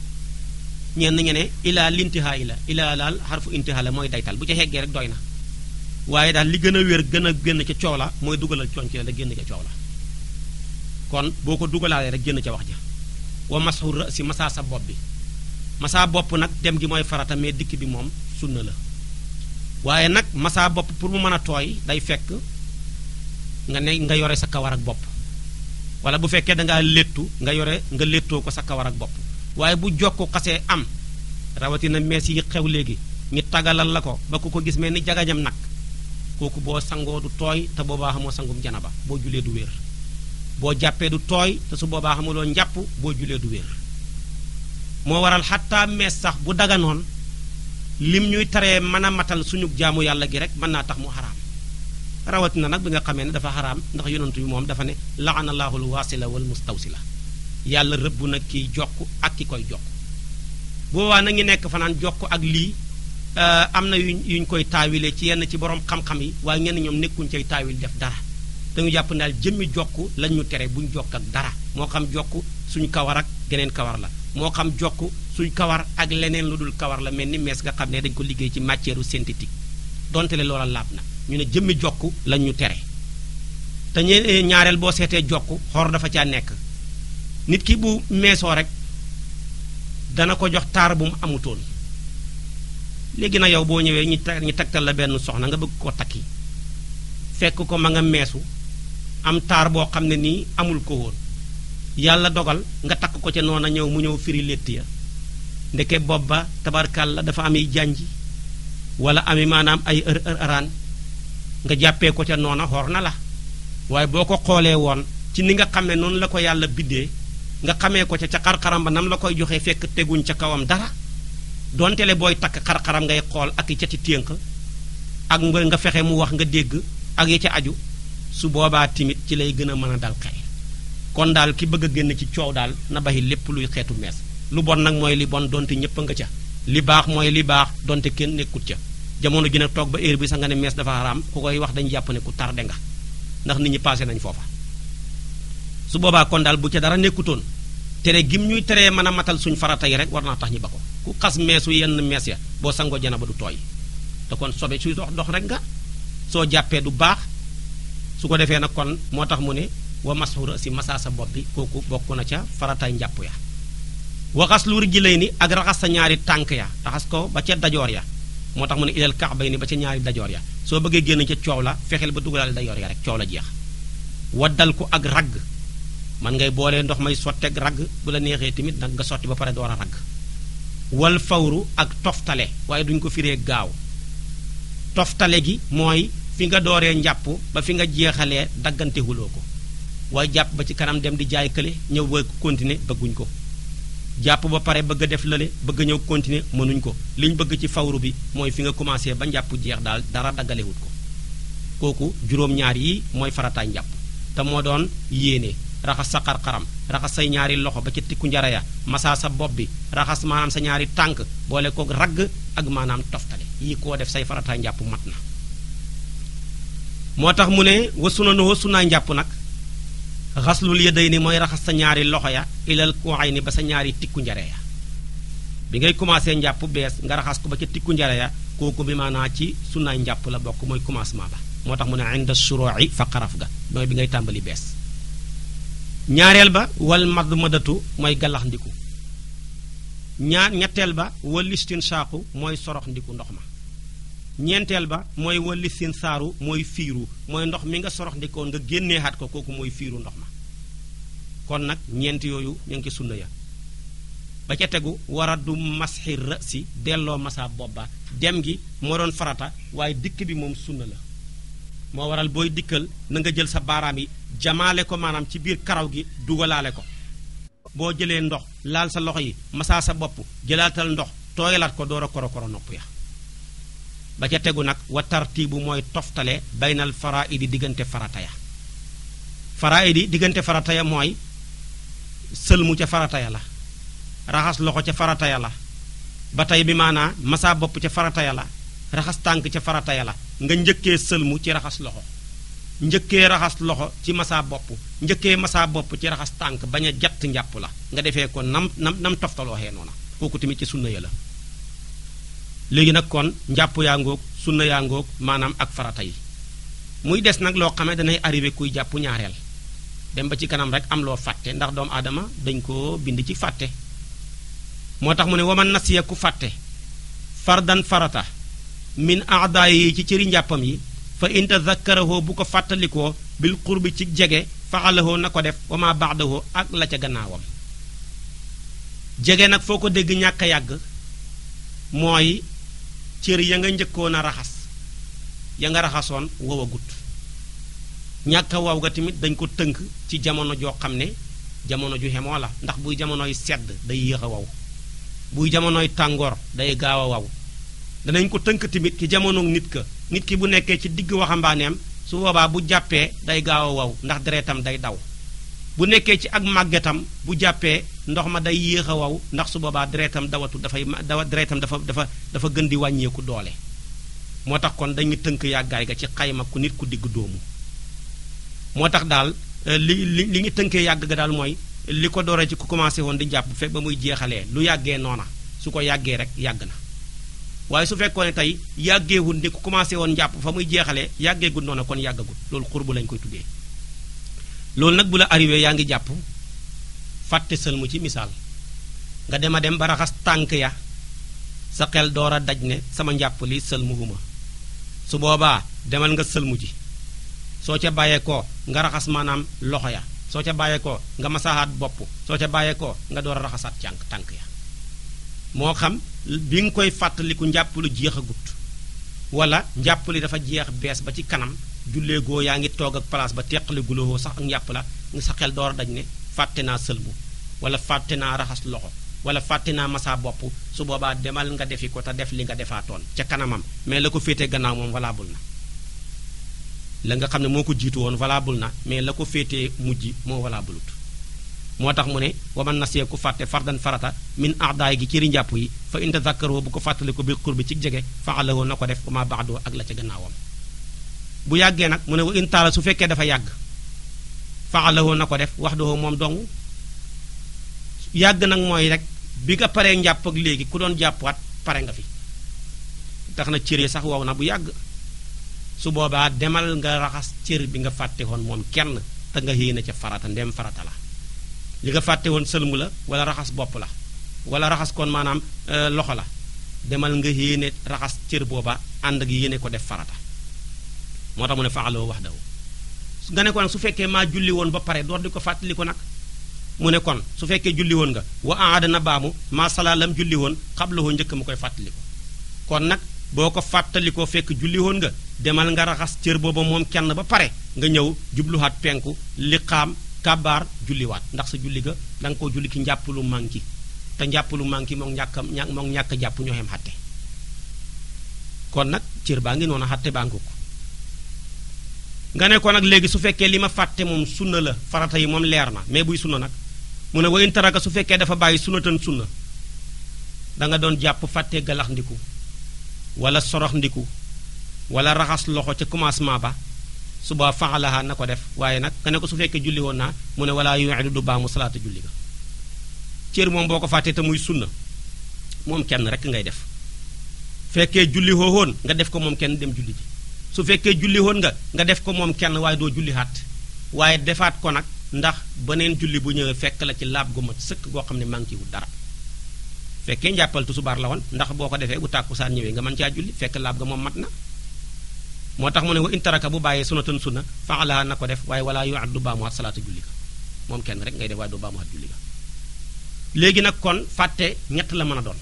ñenn ñe ne ilaa lintihaa ila ilaa laal xarfu intihaa la mooy daytal bu ca xeggee rek doy na waaye daal li gën a wér gën a génn ca coow la mooy dugalal conc ya la génn ca coow la kon boo ko dugalaalee rek génn ca wax ja wa masahu si masaa sa bopp bi masaa bopp nag dem gi mooy farata mais dikk bi moom sunna la waaye nag masaa bopp pour mu mën a tooy day fekk nga ne nga yore sa kawar ak bopp wala bu fekkee dangaa léttu nga yore nga léttoo ko sa kawar ak bopp waaye bu jokku xasee am rawatina mees yi xew léegi ñu tagalal la ko ba ku ko gis mel ni jagañam nag kooku boo sangoo du tooy te boobaa xamoo jana ba boo julee du wér boo jàppee du tooy te su boobaa xamuloo njàpp boo julee du wér moo waral xattaa mees sax bu daganoon lim ñuy taree mën a matal suñu jaamu yàlla gi rek mën naa tax mu xaraam rawatina nag bi nga xamee ne dafa xaraam ndax yonantu bi moom dafa ne laanallaahu alwaasila wal mustawsila yàlla rëbb na kiy jokk ak ki koy jokk boobaa na ngi nekk fanaan jokk ak lii eh, am na yu yuñ koy taawilee ci yenn ci borom xam-xam yi waaye ñenn ñoom nekkuñ cay taawil def dara dañu jàpp naa daal jëmmi jokk lañ ñu tere buñ jokk ak dara moo xam jokk suñu kawar ak geneen kawar la moo xam jokk suñ kawar ak leneen lu dul kawar la mel ni mees nga xam ne dañ ko liggéey ci matière synthétique donte le loola laab na ñu ne jëmmi jokk lañ ñu tere te ñaareel boo seetee jokk xoor dafa caa nekk nit ki bu meesoo rek dana ko jox taar bu mu amutoon léegi na yow boo ñëwee ñu ñu tagtal la benn soxna nga bëgg koo takki fekk ko ma nga meesu am taar boo xam ne nii amul ko woon yàlla dogal nga takk ko ca noona ñëw mu ñëw firi létt ya ndeke bopp ba tabarkal la dafa am jànj janj wala ami maanaam ay ër ër araan nga jàppee ko ca noona xor na la waaye boo ko xoolee woon ci ni nga xam ne noonu la ko yàlla biddee nga xamee ko ca ca xar-xaram ba la koy joxee fekk teguñ ca kawam dara donte le booy takk xar ngay xool ak yi ca ci ténk ak nga fexe mu wax nga dégg ak ya ca aju su boobaa timit ci lay gën a mën a dal xel kon daal ki bëgg a génn ci coow daal na baxi lépp luy xeetu mees lu bon nag mooy li bon donte ñépp a nga ca li baax mooy li baax donte kenn nekkut ca jamono ji nag toog ba heure bi sax nga ne mees dafa xaraam ku koy wax dañu jàpp ne ku tardé nga ndax nit ñi passé nañ foofa su boobaa kon daal bu ca dara nekkutoon tere gim ñuy teree mën a matal suñ faratay yi rek war naa tax ñi ba ko ku xas meesu yenn mees ya boo sangoo jana ba du tooy te kon sobe suy dox dox rek nga soo jàppee du baax su ko defee nag kon moo tax mu ne wa masxura si masaa sa bopp bi kooku bokk na ca faratay njàpp ya waxas lu rijji lay ni ak sa ñaari tànk ya raxas ko ba ca dajoor ya moo tax mu ne ilal ka'bayni ba ca ñaari dajoor ya soo bëggee génn ca coow la fexeel ba dugalaal dajoor ya rek coow la jeex waddal ko ak ragg man ngay boolee ndox may sotteeg ragg bu la neexee tamit nag nga sotti ba pare door a ragg wal fawru ak toftale waaye duñ ko firee gaaw toftale gi mooy fi nga dooree njàpp ba fi nga jeexalee daggante ko waaye jàpp ba ci kanam dem di jaay kële ñëw ba continuer bëgguñ ko jàpp ba pare bëgg a def lële bëgg a ñëw continuer mënuñ ko li ñu bëgg ci fawru bi mooy fi nga commencé ba njàpp jeex daal dara daggalewut ko kooku juróom-ñaar yi mooy farataay njàpp te moo doon yéene raxas sa xar raxas say ñaari loxo ba ca tikku njara ya masaa sa bopp bi raxas maanaam sa ñaari tànk boole kook ragg ak maanaam toftale yi koo def say farataay njàpp mat na moo tax mu ne wasu na nu wasu naa njàpp nag xaslul ni mooy raxas sa ñaari loxo ya ilal ni ba sa ñaari tikku njare ya bi ngay commencé njàpp bees nga raxas ko ba ca tikku njare ya kooku bi maanaa ci sunnaay njàpp la bokk mooy commencement ba moo tax mu ne inda shuru'i fa xaraf ga mooy bi ngay tàmbali bees ñaareel ba wal madmadatu mooy gallax ndiku ñaar ñetteel ba wal istinshaaqu mooy sorox ndox ma ñeenteel ba mooy walli sin saaru mooy fiiru mooy ndox mi nga sorox ndikoon nga génneexaat ko kooku mooy fiiru ndox ma kon nag ñeent yooyu ñu ngi ci sunna ya ba ca tegu wara du masxi rasi delloo masaa bopp ba dem gi moo doon farata waaye dikk bi moom sunna la moo waral booy dikkal na nga jël sa baaraam yi jamaale ko maanaam ci biir karaw gi dugalaale ko boo jëlee ndox laal sa loxo yi masaa sa bopp jëlaatal ndox tooyalaat ko door a koro koro nopp ya ba ca tegu nag wa tartiibu mooy toftale baynal faraidi diggante farata farataya faraidi diggante farataya mooy sëlmu ca farataya la raxas loxo ca farataya la ba tey bi maanaa masaa bopp ca farataya la raxas tànk ca farataya la nga njëkkee sëlmu ci raxas loxo njëkkee raxas loxo ci masaa bopp njëkkee masaa bopp ci raxas tànk bañ a jatt njàpp la nga defee ko nam nam nam toftalooxee noona kooku tamit ci sunna ya la léegi nag kon njàpp yaa ngoog sunna yaa ngoog maanaam ak farata yi muy des nag loo xamee danay arrivé kuy jàpp ñaareel dem ba ci kanam rek am loo fàtte ndax doomu aadama dañ koo bind ci fàtte moo tax mu ne waman nasiya ku fàtte fardan farata min aadaay yi ci cëri njàppam yi fa in tazakkarahoo bu ko fàttalikoo bil qurbi ci jege faxalahoo na ko def wama baadahoo ak la ca gannaawam jege nag foo ko dégg ñàkk yàgg mooy cër ya nga njëkkoon a raxas ya nga raxasoon wow a gut ñàkk a waaw ga dañ ko tënk ci jamono joo xam ne jamono ju xemoo la ndax buy jamonoy sedd day yéex a waw buy jamonoy tàngoor day gaaw a waw danañ ko tënk tamit ki jamono nit ka nit ki bu nekkee ci digg waxambaaneem su boobaa bu jàppee day gaaw a waw ndax deretam day daw bu nekkee ci ak màggetam bu jàppee ndox ma day yéex a waw ndax su boobaa deretam dawatu dafay dawa deretam dafa dafa dafa gën di wàññeeku doole moo tax kon dañu tënk yàggaay ga ci xayma ku nit ku digg doomu moo tax daal euh, li li li ñu tënkee yàgg ga daal mooy li ko dooree ci ku commencé woon di jàpp bu fekk ba muy jeexalee lu yàggee noona su ko yàggee rek yàgg na waaye su fekkoon ne tey yàggeewul ni ku commencé woon njàpp fa muy jeexalee yàggeegul noona kon yàggagul loolu xurbu lañ koy tuddee loolu nag bu la arrivé yaa ngi jàpp fàtte sëlmu ci misaal nga dem a dem ba raxas tànk ya sa xel door a daj ne sama njàpp li sëlmuhuma su boobaa demal nga sëlmu ci soo ca bàyyeekoo nga raxas maanaam loxo ya soo ca bàyyeekoo nga masaxaat bopp soo ca bàyyeekoo nga door a raxasaat cànk tànk ya moo xam bi nga koy fàttaliku njàpp lu jeex agut wala njàpp li dafa jeex bees ba ci kanam jullee goo yaa ngi toog ak place ba teqale guloo sax ak njàpp la nga sa xel door dañ ne fàtte naa sëlmu wala fàtte naa raxas loxo wala fàtte naa masaa bopp su boobaa demal nga defi ko te def li nga defaatoon ca kanamam mais la ko féete gannaaw moom valable na la nga xam ne moo ko jiitu woon valable na mais la ko féetee mujj moo valable moo tax mu ne waman nasee ku fàtte fardan farata min aadaay gi ciri njàpp yi fa inta zakkaroo bu ko fàttali ko bil qurbi ci jege fa alawoo na ko def wa ma ba'du ak la ca gannaawam bu yàggee nag mu ne wa in su fekkee dafa yàgg faalahu na ko def wax doo moom dong yàgg nag mooy rek bi nga paree njàpp ak léegi ku doon jàppuwaat pare nga fi tax na cër yi sax wow na bu yàgg su boobaa demal nga raxas cër bi nga fàtte woon moom kenn te nga yéene ca farata ndem farata la li nga fàtte woon sëlmu la wala raxas bopp la wala raxas kon maanaam euh, loxo la demal nga yéene raxas cër booba ànd ak yéene ko def farata moo tax mu ne faaloo wax daw nga ne ko nag su fekkee maa julli woon ba pare door di ko fàttali nag mu ne kon su fekkee julli woon nga wa aada na baamu maa salaa julli woon xablahu njëkk mu koy fàttaliko kon nag boo ko fàttalikoo fekk julli woon nga demal nga raxas cër booba moom kenn ba pare nga ñëw jubluwaat penku liqaam kabaar julliwaat ndax sa julli ga da julli ki njàpp lu te njàpp lu manki moom ñàkkam moom ñàkk jàpp ñoo xem xatte kon nag baa ngi noonu xatte bànk ko nga ne ko nag léegi su fekkee li ma fàtte moom sunna la farata yi moom leer na mais buy sunna nag mu ne wayin taraka su fekkee dafa bàyyi sunnatan sunna da nga doon jàpp fàtte galax ndiku wala sorox ndiku wala raxas loxo ca commencement ba suba faxalaha na ko def waaye nag nga ne ko su fekkee julli woon naa mu ne wala yuidu du baamu salaata julli ga cër moom boo ko fàttee te muy sunna moom kenn rek ngay def fekkee julli hoohoon nga def ko moom kenn dem julli su fekkee julli woon nga nga def ko moom kenn waaye doo julli xaat waaye defaat ko nag ndax beneen julli bu ñëwee fekk la ci laab gu ma sëkk boo xam ne maa ngi ciy wut dara fekkee njàppal tusubaar la woon ndax boo ko defee bu tàkku tàkkusaan ñëwee nga mën caa julli fekk laab ga moom mat na moo tax mu ne wa intaraka bu bàyyee sunatan sunna faalaha na ko def waaye walaa yuat du baamuwaat salaata julli ga moom kenn rek ngay def waaye du baamuwaat julli léegi nag kon fàtte ñett la mën a doon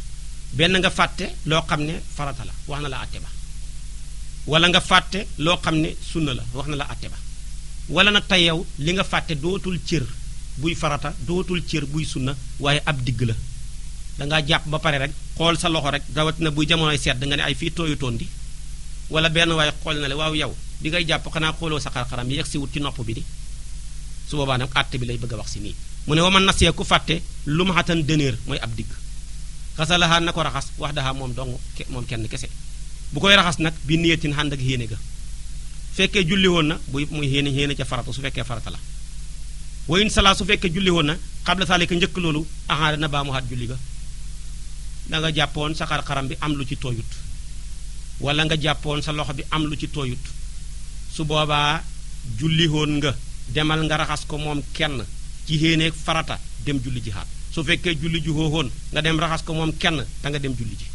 benn nga fàtte loo xam ne farata la wax na la àtte ba wala nga fàtte loo xam ne sunna la wax na la àtte ba wala nag tey yow li nga fàtte dootul cër buy farata dootul cër buy sunna waaye ab digg la dangaa jàpp ba pare rek xool sa loxo rek na buy jamonoy sedd nga ne ay fii tooyutoon di wala benn waaye xool na le waaw yow bi ngay jàpp xanaa xooloo sa xar-xaram yi yegg si wut ci nopp bi di su boobaa nag àtte bi lay bëgg a wax si nii mu ne wa man nasee ku fàtte lu ma xatan dëneer mooy ab digg xasalaxaa na ko raxas wax daxaa moom dong moom kenn kese bu koy raxas nag bi niyatin ànd ak yéene ga fekkee julli woon na buy muy yéene yéene ca farata su fekkee farata la wayin salaa su fekkee julli woon na xabla saalika njëkk loolu ahaada na baa mu xaat julli ga danga jàppoon sa xar-xaram bi am lu ci tooyut wala nga jàppoon sa loxo bi am lu ci tooyut su boobaa julli woon nga demal nga raxas ko moom kenn ci yéeneeg farata dem julli ji xaat su fekkee julli ji xooxoon nga dem raxas ko moom kenn da nga dem julli ji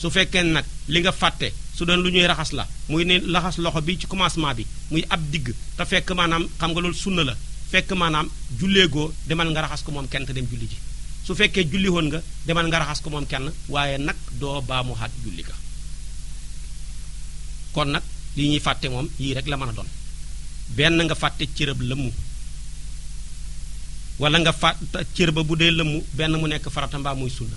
su fekkee nag li nga fàtte su doon lu ñuy raxas la muy ne laxas loxo bi ci commencement bi muy ab digg te fekk maanaam xam nga loolu sunna la fekk maanaam julleegoo demal nga raxas ko moom kenn te dem julli ji su fekkee julli woon nga demal nga raxas ko moom kenn waaye nag doo baamu xaat julli ga kon nag li ñuy fàtte moom yii rek la mën a doon benn nga fàtte cër cërëb lëmmu wala nga fàtte cër ba bu dee lëmmu benn mu nekk farata mbaa muy sunna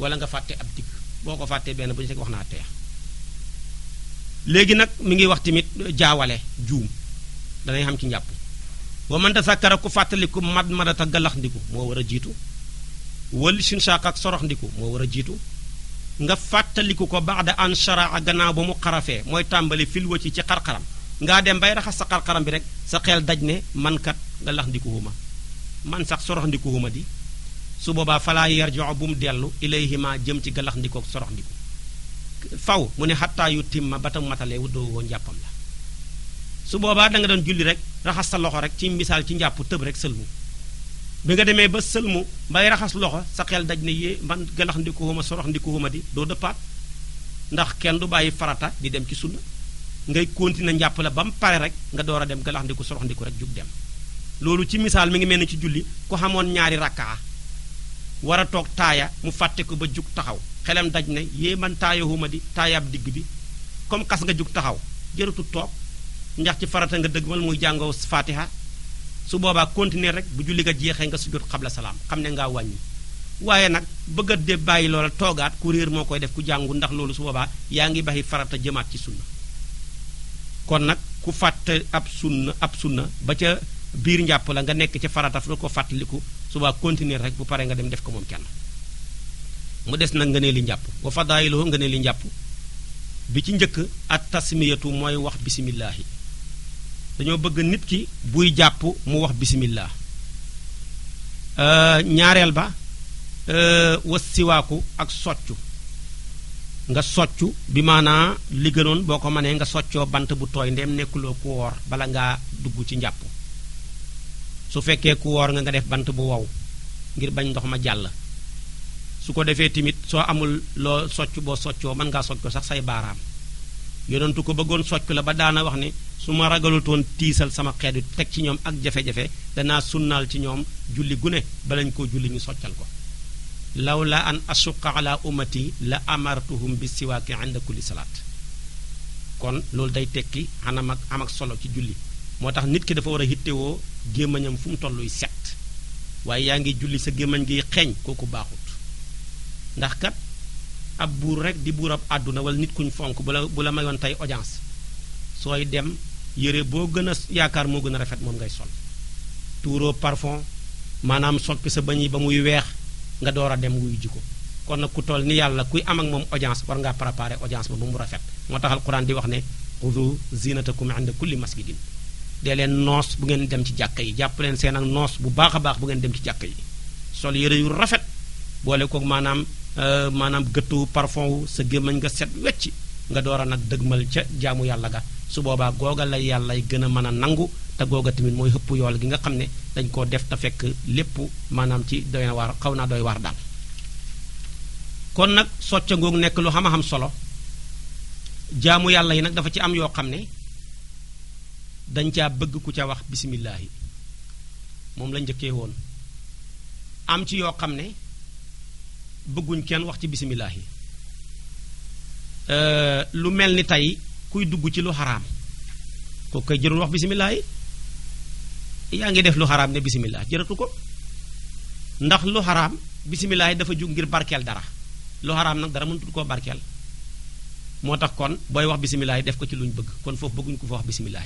wala nga fàtte ab digg boo ko fàttee benn bu ñu wax naa teex léegi nag mi ngi wax tamit jaawale juum danay xam ci njàpp wa man tasakkara ku fàttaliku mad madata galax gallaxndiku moo war a jiitu wal sinsaaq ak sorox moo war a jiitu nga fàttaliku ko ba'da an sharaa gannaaw ba mu xarafee mooy tàmbali fil wa ci ci xarxaram ngaa dem bay raxas sa xarxaram bi rek sa xel daj ne mankat kat galax ndikuhuma man sax sorox ndikuhuma di su boobaa falaa joxo bu mu dellu ilayhima jëm ci galax ndikoog sorox ndiku faw mu ne xattaa yu timma ba tam matalee wuddoo woo njàppam la su boobaa danga doon julli rek raxas sa loxo rek ci misaal ci njàpp tëb rek sëlmu bi nga demee ba sëlmu bay raxas loxo sa xel daj ne yee man galax ndikuwuma sorox ndikuwuma di doo dëppaat ndax kenn du bàyyi farata di dem ci sunna ngay continuer njàpp la ba mu pare rek nga door a dem galax ndiku sorox ndiku rek jug dem loolu ci misaal mi ngi mel ni ci julli ku xamoon ñaari rakkaa war a toog taaya mu fàtte ko ba jug taxaw xelam daj ne yée man taayahuma di taayaab digg bi comme xas nga jug taxaw jërëtul toog ndax ci farata nga dëgg mal muy jàngoo fatiha su boobaa continuer rek bu julli nga jeexee nga sujjóot la salaam xam ne ngaa wàññi waaye nag bëgga de bàyyi loola toogaat ku réer moo koy def ku jàngu ndax loolu su boobaa yaa ngi baxi farata jëmaat ci sunna kon nag ku fàtte ab sunna ab sunna ba ca biir njàpp la nga nekk ci farataf la ko fàttaliku subaa continuer rek bu paree nga dem def ko moom kenn mu des nag nga ne li njàpp wa fadaayiluhu nga ne li njàpp bi ci njëkk at tasmiyatu mooy wax bisimillahi dañoo bëgg nit ki buy jàpp mu wax bisimillah euh, ñaareel ba euh, was ak soccu nga soccu bi maanaa li gënoon boo ko mënee nga soccoo bant bu tooy ndeem nekkuloo ku woor bala ngaa dugg ci njàpp su fekkee ku woor nga nga def bant bu wow ngir bañ ndox ma jàll su ko defee tamit soo amul loo socc boo soccoo mën ngaa socc ko sax say baaraam yonentu ko bëggoon socc la ba daana wax ne su ma ragalutoon tiisal sama xeet teg ci ñoom ak jafe-jafe danaa sunnaal ci ñoom julli gune ba balañ ko julli ñu soccal ko lawla an asuqa ala ummati la amartuhum bi siwaaki inda kulli salaat kon loolu day tekki xanam ak am ak solo ci julli moo tax nit ki dafa war a hittewoo gémmañam fu mu tolluy set waaye yaa ngi julli sa gémmañ gi xeeñ kooku baaxut ndax kat ab buur rek di buur ab àdduna wala nit kuñ fonk bu la bu la mayoon tey audience sooy dem yére boo gën a yaakaar moo gën a rafet moom ngay sol tuuroo parfum maanaam soppi sa bañ yi ba muy weex nga door a dem wuyu ji ko kon na ku toll ni yàlla kuy am ak moom audience war ngaa préparer audience ba ba mu rafet moo tax alquran di wax ne xudu zinatakum inda kulli masjidin dee leen noos bu ngeen dem ci jàq yi jàpp leen seen ak noos bu baax baax bu ngeen dem ci jàkka yi sol yére yu rafet boole kook maanaam euh, maanaam gëttu parfum wu sa gémmañ nga set wecc nga door a nag dëgmal ca jaamu yàlla ga su boobaa googa yàlla yàllay gën a mën a nangu te googa tamit mooy xëpp yool gi nga xam ne dañ koo def te fekk lépp maanaam ci doy na waar xaw naa doy waar daal kon nag socca ngoog nekk lu xam-xam a solo jaamu yàlla yi nag dafa ci am yoo xam ne dañ caa bëgg ku ca wax bisimillahi moom lañ jëkkee woon am ci yoo xam ne bëgguñ kenn wax ci bisimillahi euh, lu mel ni tey kuy dugg ci lu xaraam kooku koy jërul wax bisimillahi yaa ngi def lu xaraam ne bisimilah jëratu ko ndax lu xaraam bisimilah dafa jug ngir barkeel dara lu xaraam nag dara mënut koo barkeel moo tax kon booy wax bisimilah def ko ci luñ bëgg kon foofu bëgguñ ko fa wax bisimilah.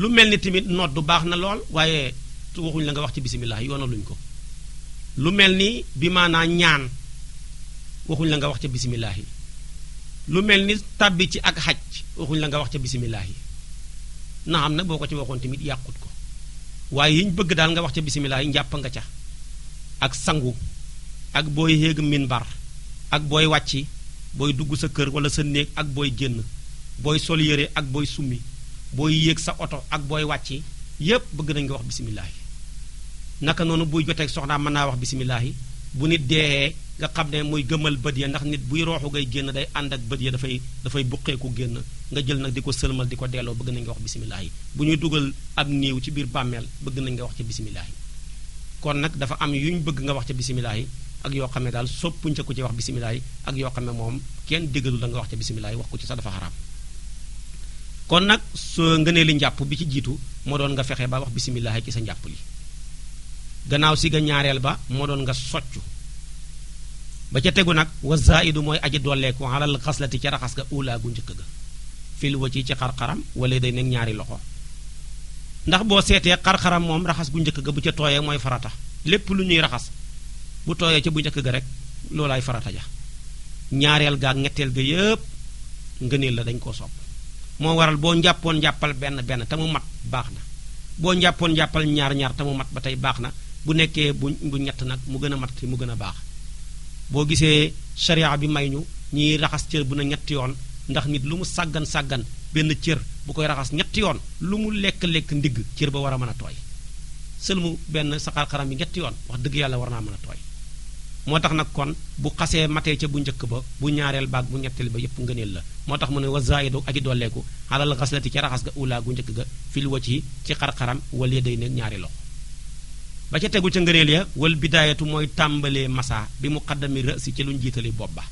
lu mel ni tamit nodd baax na lool waaye waxuñ la nga wax ci bisimilah yoonaluñ ko lu mel ni bi maanaa ñaan waxuñ la nga wax ca bisimilah yi lu mel ni tàbbi ci ak xaj waxuñ la nga wax ca bisimilah yi na am na boo ko ci waxoon tamit yàqut ko waaye yiñ bëgg daal nga wax ca bisimilah njàpp nga ca ak sangu ak booy yéeg minbar ak booy wàcci booy dugg sa kër wala sa néeg ak booy génn booy sol yére ak booy summi booy yéeg sa oto ak booy wàcc yépp bëgg nañ nga wax bisimilah naka noonu buy joteeg soxnaam mën naa wax bisimilah bu nit dee nga xam ne muy gëmal bët ya ndax nit buy rooxu ngay génn day ànd ak bët ya dafay dafay buqeeku génn nga jël nag di ko sëlmal di ko delloo bëgg nañ nga wax bisimilah bu ñuy dugal ab néew ci biir bàmmeel bëgg nañ nga wax ca bisimilah kon nag dafa am yu ñu bëgg nga wax ca bisimilah ak yoo xam ne daal soppuñ ca ku ci wax bisimilah ak yoo xam ne moom kenn déggalu la wax ca bisimilah wax ko ci sax dafa kon nag soo ngënee li njàpp bi ci jiitu moo doon nga fexe ba wax bisimilah ci sa njàpp li gannaaw si ga ñaareel ba moo doon nga soccu ba ca tegu nag wa zaidu mooy aji dolleeku alal xaslati ca raxas ga uulaa gu njëkk ga fil wa ci ca xarxaram wala day nekk ñaari loxo ndax boo seetee xarxaram moom raxas gu njëkk ga bu ca tooyee mooy farata lépp lu ñuy raxas bu tooyee ca bu njëkk ga rek loolaay farata ja ñaareel ga ak ñetteel ga yépp ngëneel la dañ koo sopp moo waral boo njàppoon njàppal benn benn tamu mu mat baax na boo njàppoon njàppal ñaar ñaar te mat ba tey baax na bu nekkee bu bu ñett nag mu gën a mat te mu gën a baax boo gisee sharia bi may ñu ñiy raxas cër bu na ñetti yoon ndax nit lu mu sàggan sàggan benn cër bu koy raxas ñetti yoon lu mu lekk-lekk ndigg cër ba war a mën a tooy mu benn saxaar xaram bi ñett yoon wax dëgg yàlla war naa mën a tooy moo tax nag kon bu xasee matee ca bu njëkk ba bu ñaareel baag bu ñetteel ba yépp ngëneel la moo tax mu ne wa zaayidu aji dolleeku alal xaslati ca raxas ga ula gu njëkk ga fil wajhi ci xar-xaram wala day nekk ñaari loxo ba ca tegu ca ngëneel ya wal biddaayatu mooy tàmbalee masa bi mu xaddami rësi ci luñ jiitali bopp ba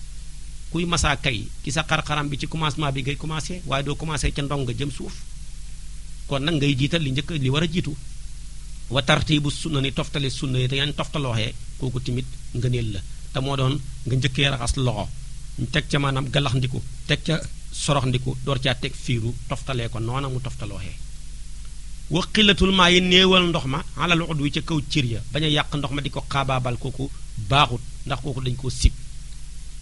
kuy masa kay ci sa xar-xaram bi ci commencement bi ngay commencé waaye doo commencé ca ndong nga jëm suuf kon nag ngay jiital li njëkk li war a jiitu wa tartibu sunna ni toftale sunna yi te yan toftalooxee kooku timit ngëneel la te moo doon nga njëkkee raxas loxo teg ca maanaam galax teg ca sorox door caa teg fiiru toftalee ko noona mu toftaloxee wa xillatul maa yi néewal ndox ma alal ud wi ca kaw ciir ya bañ a yàq ndox ma di ko xaabaabal kooku baaxut ndax kooku dañ koo sib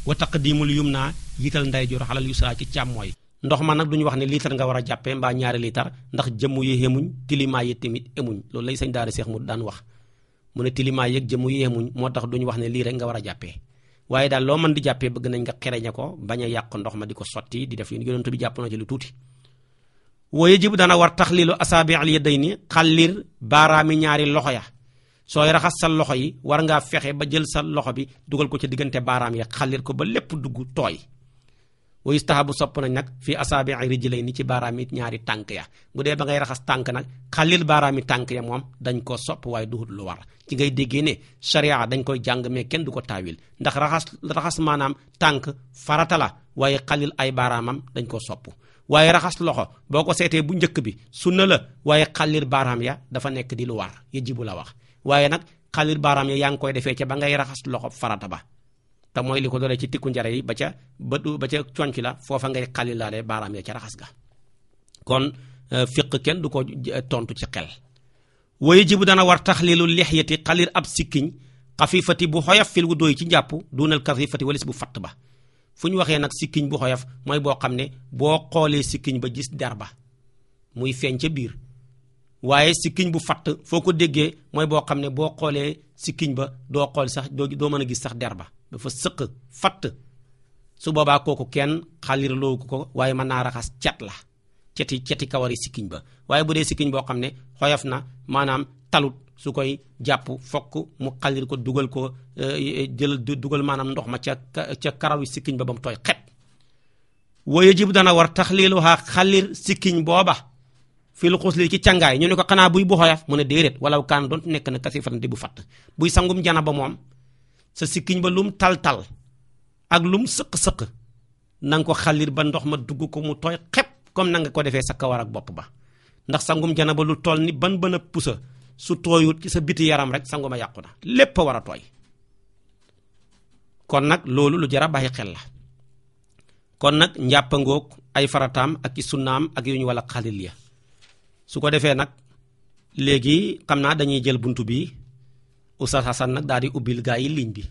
wa taqdimul yum naa yital nday jor xalal yusra ci càmmooy ndox ma nag duñu wax ne liitar nga war a jàppee mbaa ñaari liitar ndax jëmm yi xemuñ tilimaa yi tamit loolu lay sañ daara seex mu daan wax mu ne tilimaa yëg jëmu yeemuñ moo tax duñu wax ne lii rek nga war a jàppee waaye daal loo mën di jàppee bëgg nañ nga xereñe ko bañ a yàq ndox ma di ko sotti di def yonent bi jàpp na ci lu tuuti wooye jibu dana war taxliilu asaabi al yadayni xallir baaraami ñaari loxo ya sooy raxas sa loxo yi war ngaa fexe ba jël sa loxo bi dugal ko ci diggante baaraam yi xallir ko ba lépp dugg tooy wa yustahabu sopp nañ nag fii asaabi rijlayni ci baaraami ñaari tànk ya bu dee ba raxas tànk nag xalil baaraami tànk ya moom dañ koo sopp waaye duhut lu war ci ngay déggee ne dañ koy jàng kenn du ko taawil ndax raxas raxas maanaam tànk farata la waaye xalil ay baaraamam dañ koo sopp waaye raxas loxo boo ko seetee bu njëkk bi sunna la waaye xalil baaraam ya dafa nekk di lu war yajibu la wax waaye nag xalil baaraam ya yaa ngi koy defee ca ba ngay raxas loxo farata ba te mooy li ko dolee ci tikku njare yi ba ca bëtu ba ca conc la foofa ngay xalilaale baaraam ya ca raxas ga kon euh, fiq kenn du ko euh, tontu ci xel waye ji bu dana war tax taxliilu lexyati xalir ab sikkiñ xafifati bu xoyaf fil wu doy ci njàpp dunal karifati walis bu fatt ba fu ñu waxee nag sikkiñ bu xoyaf mooy boo xam ne boo xoolee sikkiñ ba gis der ba muy feeñ ca biir waaye sikkiñ bu fatt foo ko déggee mooy boo xam ne boo xoolee sikkiñ ba doo xool sax doo doo mën a gis sax der ba dafa sëq fatt su boobaa kooku kenn xalirloo ko waaye mën naa raxas cat la ceti ceti kawari sikkiñ ba waaye bu dee sikkiñ boo xam ne xoyaf na maanaam talut su koy jàpp fokk mu xalir ko dugal ko eh, jël dugal maanaam ndox ma ca ca karaw sikkiñ ba ba mu tooy xet wa yajib dana war taxliluha xalir sikkiñ booba fil xusli ci cangaay ñu ne ko xanaa buy bu xoyof mu ne déedéet walaw kaan doon nekk na kasi fatan di bu fatt buy sangum jana ba moom sa sikkiñ ba lu mu tal-tal ak lum sëq-sëq na ko xalir ba ndox ma dugg ko mu tooy xepp comme na nga ko defee sa kawar ak bopp ba ndax sangum jana ba lu toll ni ban bana a pusa su tooyut ci sa biti yaram rek sanguma yàqu na lépp a war a tooy kon nag loolu lu jar a bàyyi xel la kon nag njàppangoog ay farataam ak i sunnaam ak yu ñu wala xalil ya su ko defee nag léegi xam naa dañuy jël bunt bi Oustaz Assane nag daal di ubbil gaa yi ligne bi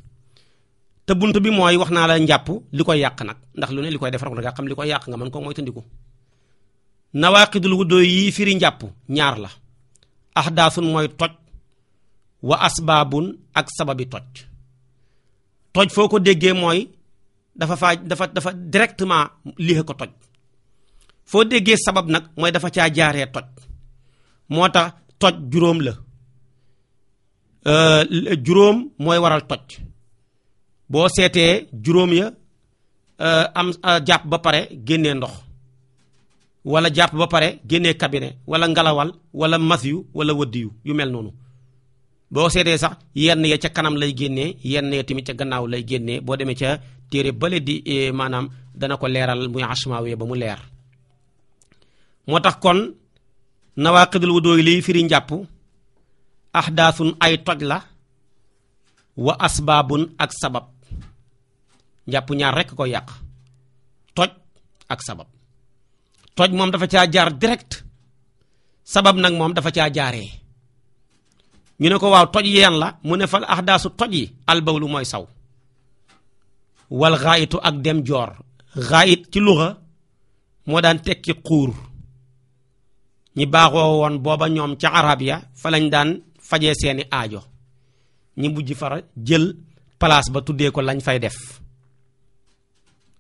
te bunt bi mooy wax naa la njàpp li koy yàq nag ndax lu ne li koy defar nga xam li koy yàq nga mën ko moytandiku nawaqidul wuddoo yi firi njàpp ñaar la ahdaasun mooy toj wa asbaabun ak sababi toj toj foo ko déggee mooy dafa faa dafa dafa directement lii ko toj foo déggee sabab nag mooy dafa caa jaaree toj moo tax toj juróom la Euh, juróom mooy waral toj boo seetee juróom ya euh, am euh, jàpp ba pare génnee ndox walla jàpp ba pare génnee cabinet wala ngalawal wala mas yu wala wëdd yu yu mel noonu boo seetee sax yenn ya ca kanam lay génnee yenn ya tamit ca gannaaw lay génnee boo demee ca téere bale di eh, maanaam dana ko leeral muy asmaawee ba mu leer moo tax kon nawaa xidul wu dooy liy firi njàpp ahdaasu ay toj la wa asbaabun ak sabab njàpp ñaar rekk ko yàq toj ak sabab toj moom dafa caa jaar direct sabab nag moom dafa caa jaaree ñu ne ko waaw toj yeen la mu ne fal ahdaasu toj yi albawlu mooy saw wal xaayitu ak dem joor xaayit ci luxa moo daan tekki xuur ñi baaxoo woon booba ñoom ca arab ya fa lañ daan fajee seeni aajo ñi mujj fara jël place ba tuddee ko lañ fay def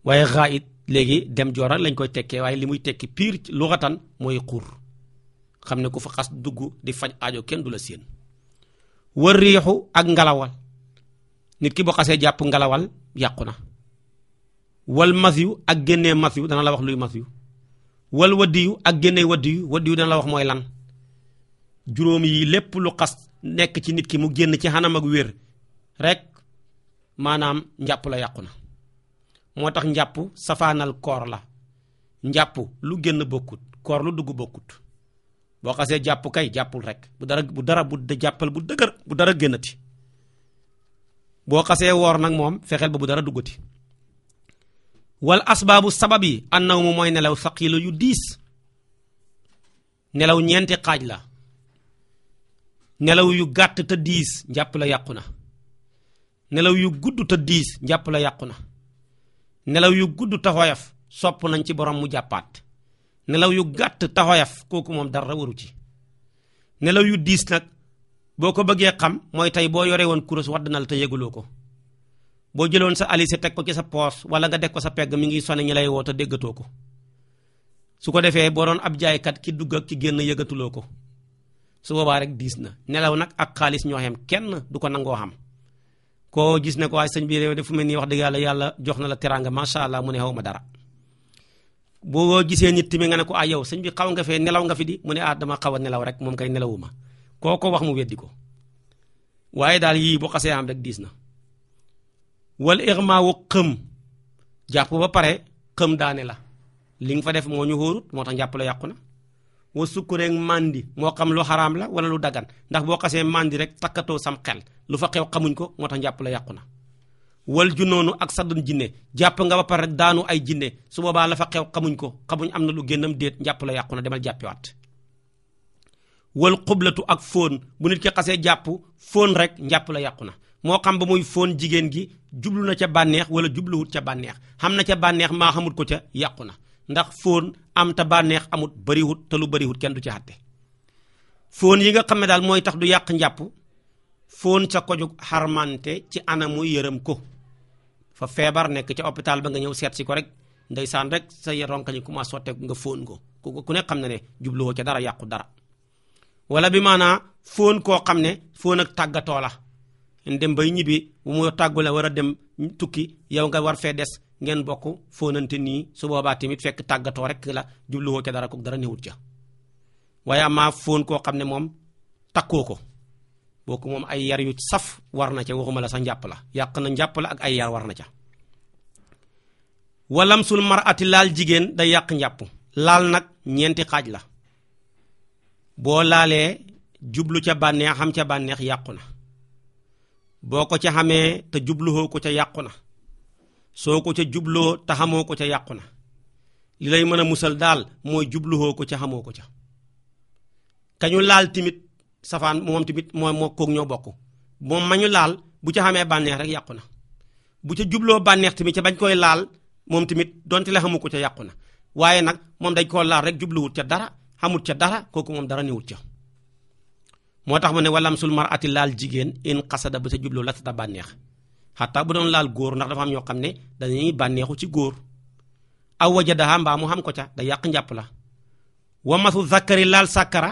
waaye xaa it léegi dem joora lañ koy tekkee waaye li muy tekki piir luxatan mooy xur xam ne ku fa xas dugg di faj ajo kenn du la séen war riixu ak ngalawal nit ki boo xasee jàpp ngalawal yàqu na wal masiyu ak génnee masiyu dana la wax luy masiyu wal waddiyu ak génnee waddiyu waddiyu dana la wax mooy lan juróom yi lépp lu xas nekk ci nit ki mu génn ci xanam ak wér rek maanaam njàpp la yàqu na moo tax njàpp safaanal koor la njàpp lu génn bokkut koor lu dugg bokkut boo xasee jàpp kay jàppul rek bu dara bu dara bu jàppal bu dëgër bu dara génnati boo xasee woor nag moom fexeel ba bu dara duggati wal asbaabu sabab yi annaw mu mooy nelaw saqiilu yu diis nelaw ñeenti xaaj la nelaw yu gàtt te diis njàpp la yàqu na nelaw yu gudd te diis njàpp la yàqu na nelaw yu gudd te sopp nañ ci borom mu jàppaat nelaw yu gàtt te xoyof kooku moom dara waru ci nelaw yu diis nag boo ko bëggee xam mooy tey boo yore woon kurus wadd na la te yëguloo ko boo jëloon sa alise teg ko ci sa poos wala nga deg ko sa pegg mu ngi sone ñi lay woo déggatoo ko su ko defee boo doon ab jaaykat ki dugg ak ki génn yëgatuloo ko su boobaa rek diis na nelaw nag ak xaalis ñoo xam kenn du ko nangoo xam koo gis ne ko waaye sëñ bi réew de fu mel nii wax dëgg yàlla yàlla jox na la teraanga macha allah mu ne xaw ma dara boo gisee nit ti tamit nga ne ko ay yow sëñ bi xaw nga fee nelaw nga fi di mu ne ah dama xaw a nelaw rek moom kay nelawuma koo ko wax mu weddi ko waaye daal yii bu xasee am rek diis na wal ma wu xëm jàpp ba pare xëm daane la li nga fa def moo ñu hóorut moo tax njàpp la yàqu na wa sukkureeg màndi moo xam lu xaraam la wala lu dagan ndax boo xasee màndi rek takkatoo sam xel lu fa xew xamuñ ko moo tax njàpp la yàqu na wal junoonu ak saddun jinne jàpp nga ba pare rek ay jinne su boobaa la xew xamuñ ko xamuñ am na lu génnam déet njàpp la yàqu na demal wal xublatu ak fóon bu nit ki xasee jàpp fóon rek njàpp la yàqu na moo xam ba muy fóon jigéen gi jublu na ca bànneex wala jubluwut ca bànneex xam na ca bànneex maa xamut ko ca yàqu na ndax fóon am te bànneex amut bariwut te lu bariwut kenn du ci àtte foon yi nga xam ne daal mooy tax du yàq njàpp fóon ca kojug xarmante ci anamu yërëm ko fa feebar nekk ci hôpital ba nga ñëw seet si ko rek saan rek sa ronkañu commencé sotteeku nga foon ko ku ku ne xam ne ne jubluwoo ca dara yàqu dara wala bi maanaa fóon koo xam ne fóon ak tàggatoo la dem bay ñibbi bu mu tàggule war a dem tukki yow nga war fee des ngeen bokk fóonante nii su boobaa tamit fekk tàggatoo rek la jubluwoo ca dara ko dara newut ca waaye amaa fóon koo xam ne moom takkoo ko booku moom ay yar yu saf war na ca waxuma la sa njàpp la yàq na njàpp la ak ay war na ca walamsul mar'ati laal jigéen day yàq njàpp laal nag ñeenti xaaj la boo laalee jublu ca bànneex xam ca bànneex yàqu na boo ko ca xamee te jubluwoo ko ca yàqu na soo ko ca jubloo te xamoo ko ca yàqu na li lay mën a musal daal mooy jubluwoo ko ca xamoo ko ca kañu laal timit safaan moom tamit mooy moo koog ñoo bokk moom ma ñu laal bu ca xamee bànneex rek yàqu na bu ca jubloo bànneex tamit ca bañ koy laal moom tamit donte la xamu ko ca yàqu na waaye nag moom dañ koo laal rek jubluwut ca dara xamut ca dara kooku moom dara newut ca moo tax mu ne walam sul marati laal jigéen in xasada ba sa jubloo la tata bànneex xataa bu doon laal góor ndax dafa am ñoo xam ne dañuy bànneexu ci góor aw wajadaha mbaa mu xam ko ca day yàq njàpp la wa masu zakkari laal sàkkara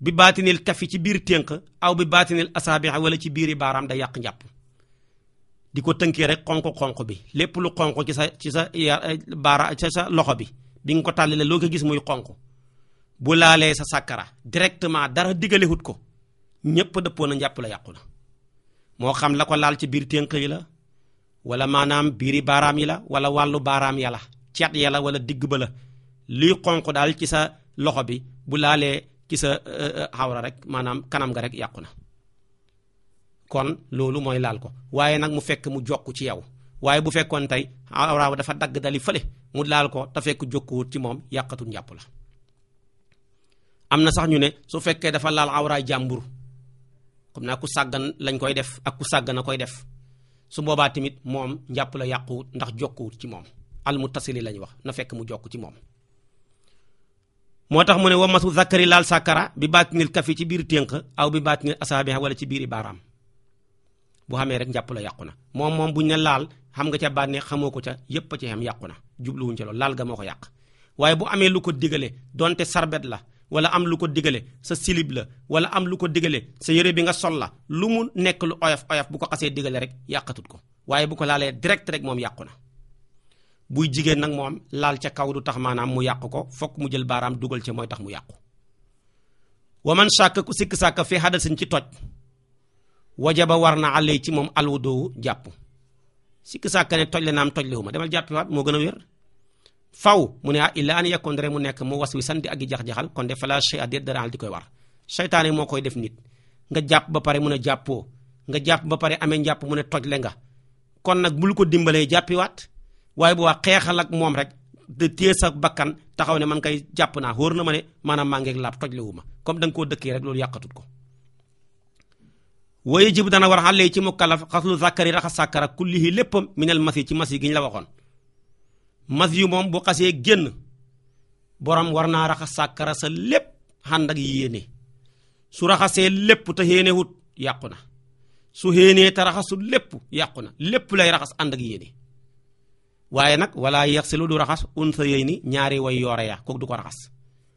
bi baatinil kafi ci biir ténk aw bi baatinil asaabiha wala ci biir biiri baaraam day yàq njàpp di ko tënkee rek xonq-xonq bi lépp lu xonq ci sa ci sa eh, baara ci sa loxo bi bi nga ko tàllale loo ko gis muy xonq bu laalee sa sàkkara directement dara digalewut ko ñépp dëppoon a njàpp la yàqu la moo xam la ko laal ci biir ténk yi la wala maanaam biiri baaraam yi la wala wàllu baaraam ya la ceet ya la wala digg ba la luy xonq daal ci sa loxo bi bu laalee ci sa xawra euh, euh, rek maanaam kanam nga rek yàqu na kon loolu mooy laal ko waaye nag mu fekk mu jokk ci yow waaye bu fekkoon tey xawra dafa dagg dali fële mu laal ko te fekk jokkuwut ci moom yàqatu njàpp la am na sax ñu ne su fekkee dafa laal xawraay jàmbur xam naa ku sàggan lañ koy def ak ku sàggan a koy def su boobaa tamit moom njàpp la yàquwut ndax jokkuwut ci moom al mu muttasili lañu wax na fekk mu jokk ci moom moo tax mu ne wa masu zakari laal sàkkara bi baatinil kafi ci biir ténq aw bi baatinil asaabi wala ci biiri baaraam bu xamee rek njàpp yàqu na moom moom buñ ne laal xam nga ca bànneex xamoo ko ca yépp a ci xam yàqu na jubluwuñ ca loolu laal ga moo ko yàq waaye bu amee lu ko digale donte sarbet la wala am lu ko digale sa silib la wala am lu ko digale sa yére bi nga sol la lu mu nekk lu oyof oyof bu ko xasee digale rek yàqatut ko waaye bu ko laalee direct rek moom yàqu na buy jigéen nag moom laal ca kaw du tax maanaam mu yàqu ko fokk mu jël baaraam dugal ca mooy tax mu yàqu wa man sàkk ku sikk sàkk fi hadasin ci toj wajaba war na àllee ci moom alwudoowu jàpp sikk sàkk ne toj le naam toj lewu ma demal jàppiwaat moo gën a wér faw mu ne ah illa an yakun mu nekk mu was wi sandi ak i jax-jaxal kon de fala chey a déet daraal moo koy def nit nga jàpp ba pare mun a nga jàpp ba pare amee njàpp mu ne toj le nga kon nag bul ko dimbalee jàppiwaat waaye bu waa xeexal ak moom rek de téye sa bakkan taxaw ne man kay jàpp naa wóor na ma ne maanaam maa ngeeg laab toj le wu ma comme da nga koo dëkkee rek loolu yàqatut ko waye jib dana war xale ci mukallaf xaslu zakari raxa sàkkara kullihi léppam minal masi ci masi gi ñu la waxoon mas yu moom bu xasee génn boroom war naa raxas sàkkara sa lépp xànd ak yéene su raxasee lépp te xéenewut yàqu na su xéenee te raxasul lépp yàqu na lépp lay raxas ànd ak yéene waaye nag wala yaxsilu du raxas sa yey ni ñaari way yoore ya kook du ko raxas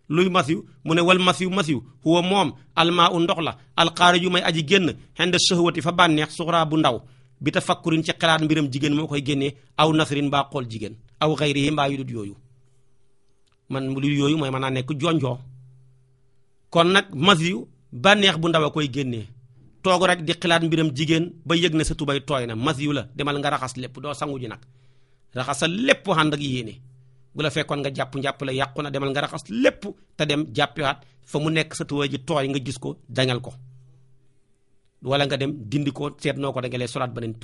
luy masiw mu ne wal masiw masiw huwa moom almaa u ndox la alxaariju may aji génn xend sëhwati fa bànneex suxraa bu ndaw bi ta fakkurin ci xalaat mbiram jigéen moo koy génnee aw nasrin baa xool jigéen aw xayri yi mbaa yu yooyu man lu yooyu mooy mën naa nekk jonjoo kon nag mas yu bànneex bu ndaw a koy génnee toog rek di xilaat mbiram jigéen ba yëg na sa tubéy tooy nag mas yu la demal nga raxas lépp doo sangu ji nag raxasal lépp ànd ak yéene bu la fekkoon nga jàpp njàpp la yàqu na demal nga raxas lépp te dem jàppiwaat fa mu nekk sa tubay ji tooy nga gis ko dañal ko wala nga dem dindi ko seet noo ko da solaat ba solaat beneen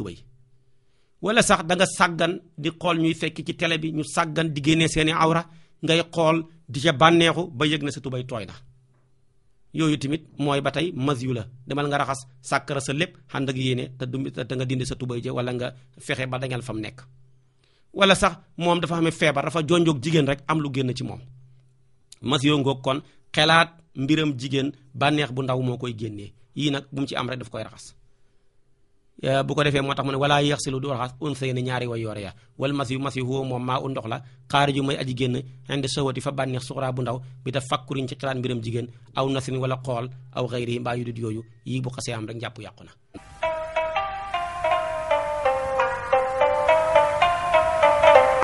wala sax da nga sàggan di xool ñuy fekk ci tele bi ñu sàggan di génnee seeni awra ngay xool di ca bànneexu ba yëg na sa tubéy tooy na yooyu tamit mooy ba tey mas la demal nga raxas sàkkara sa lépp xànd ak yéene te du nga dindi sa tubay ja wala nga fexe ba dañal fa mu nekk wala sax moom dafa xamee feebar dafa jonjoog jigéen rek am lu génn ci moom mas yoo ngoog kon xelaat mbiram jigéen bànneex bu ndaw moo koy génnee yii nag bu mu ci am rek daf koy raxas Eh, bu ko defee moo tax mu ne walaa yaxsilu du raxas unsay ne ñaari way yoore ya wal mas yu mas yu huwa moom maa u ndox la xaariju may aji génn indi sawati fa bànneex suxraa bu ndaw bi ta fakkuriñ ci xalaat mbiram jigéen aw nasin wala xool aw xayri mbaa yu dut yooyu yi bu xasee am rek njàpp yàqu na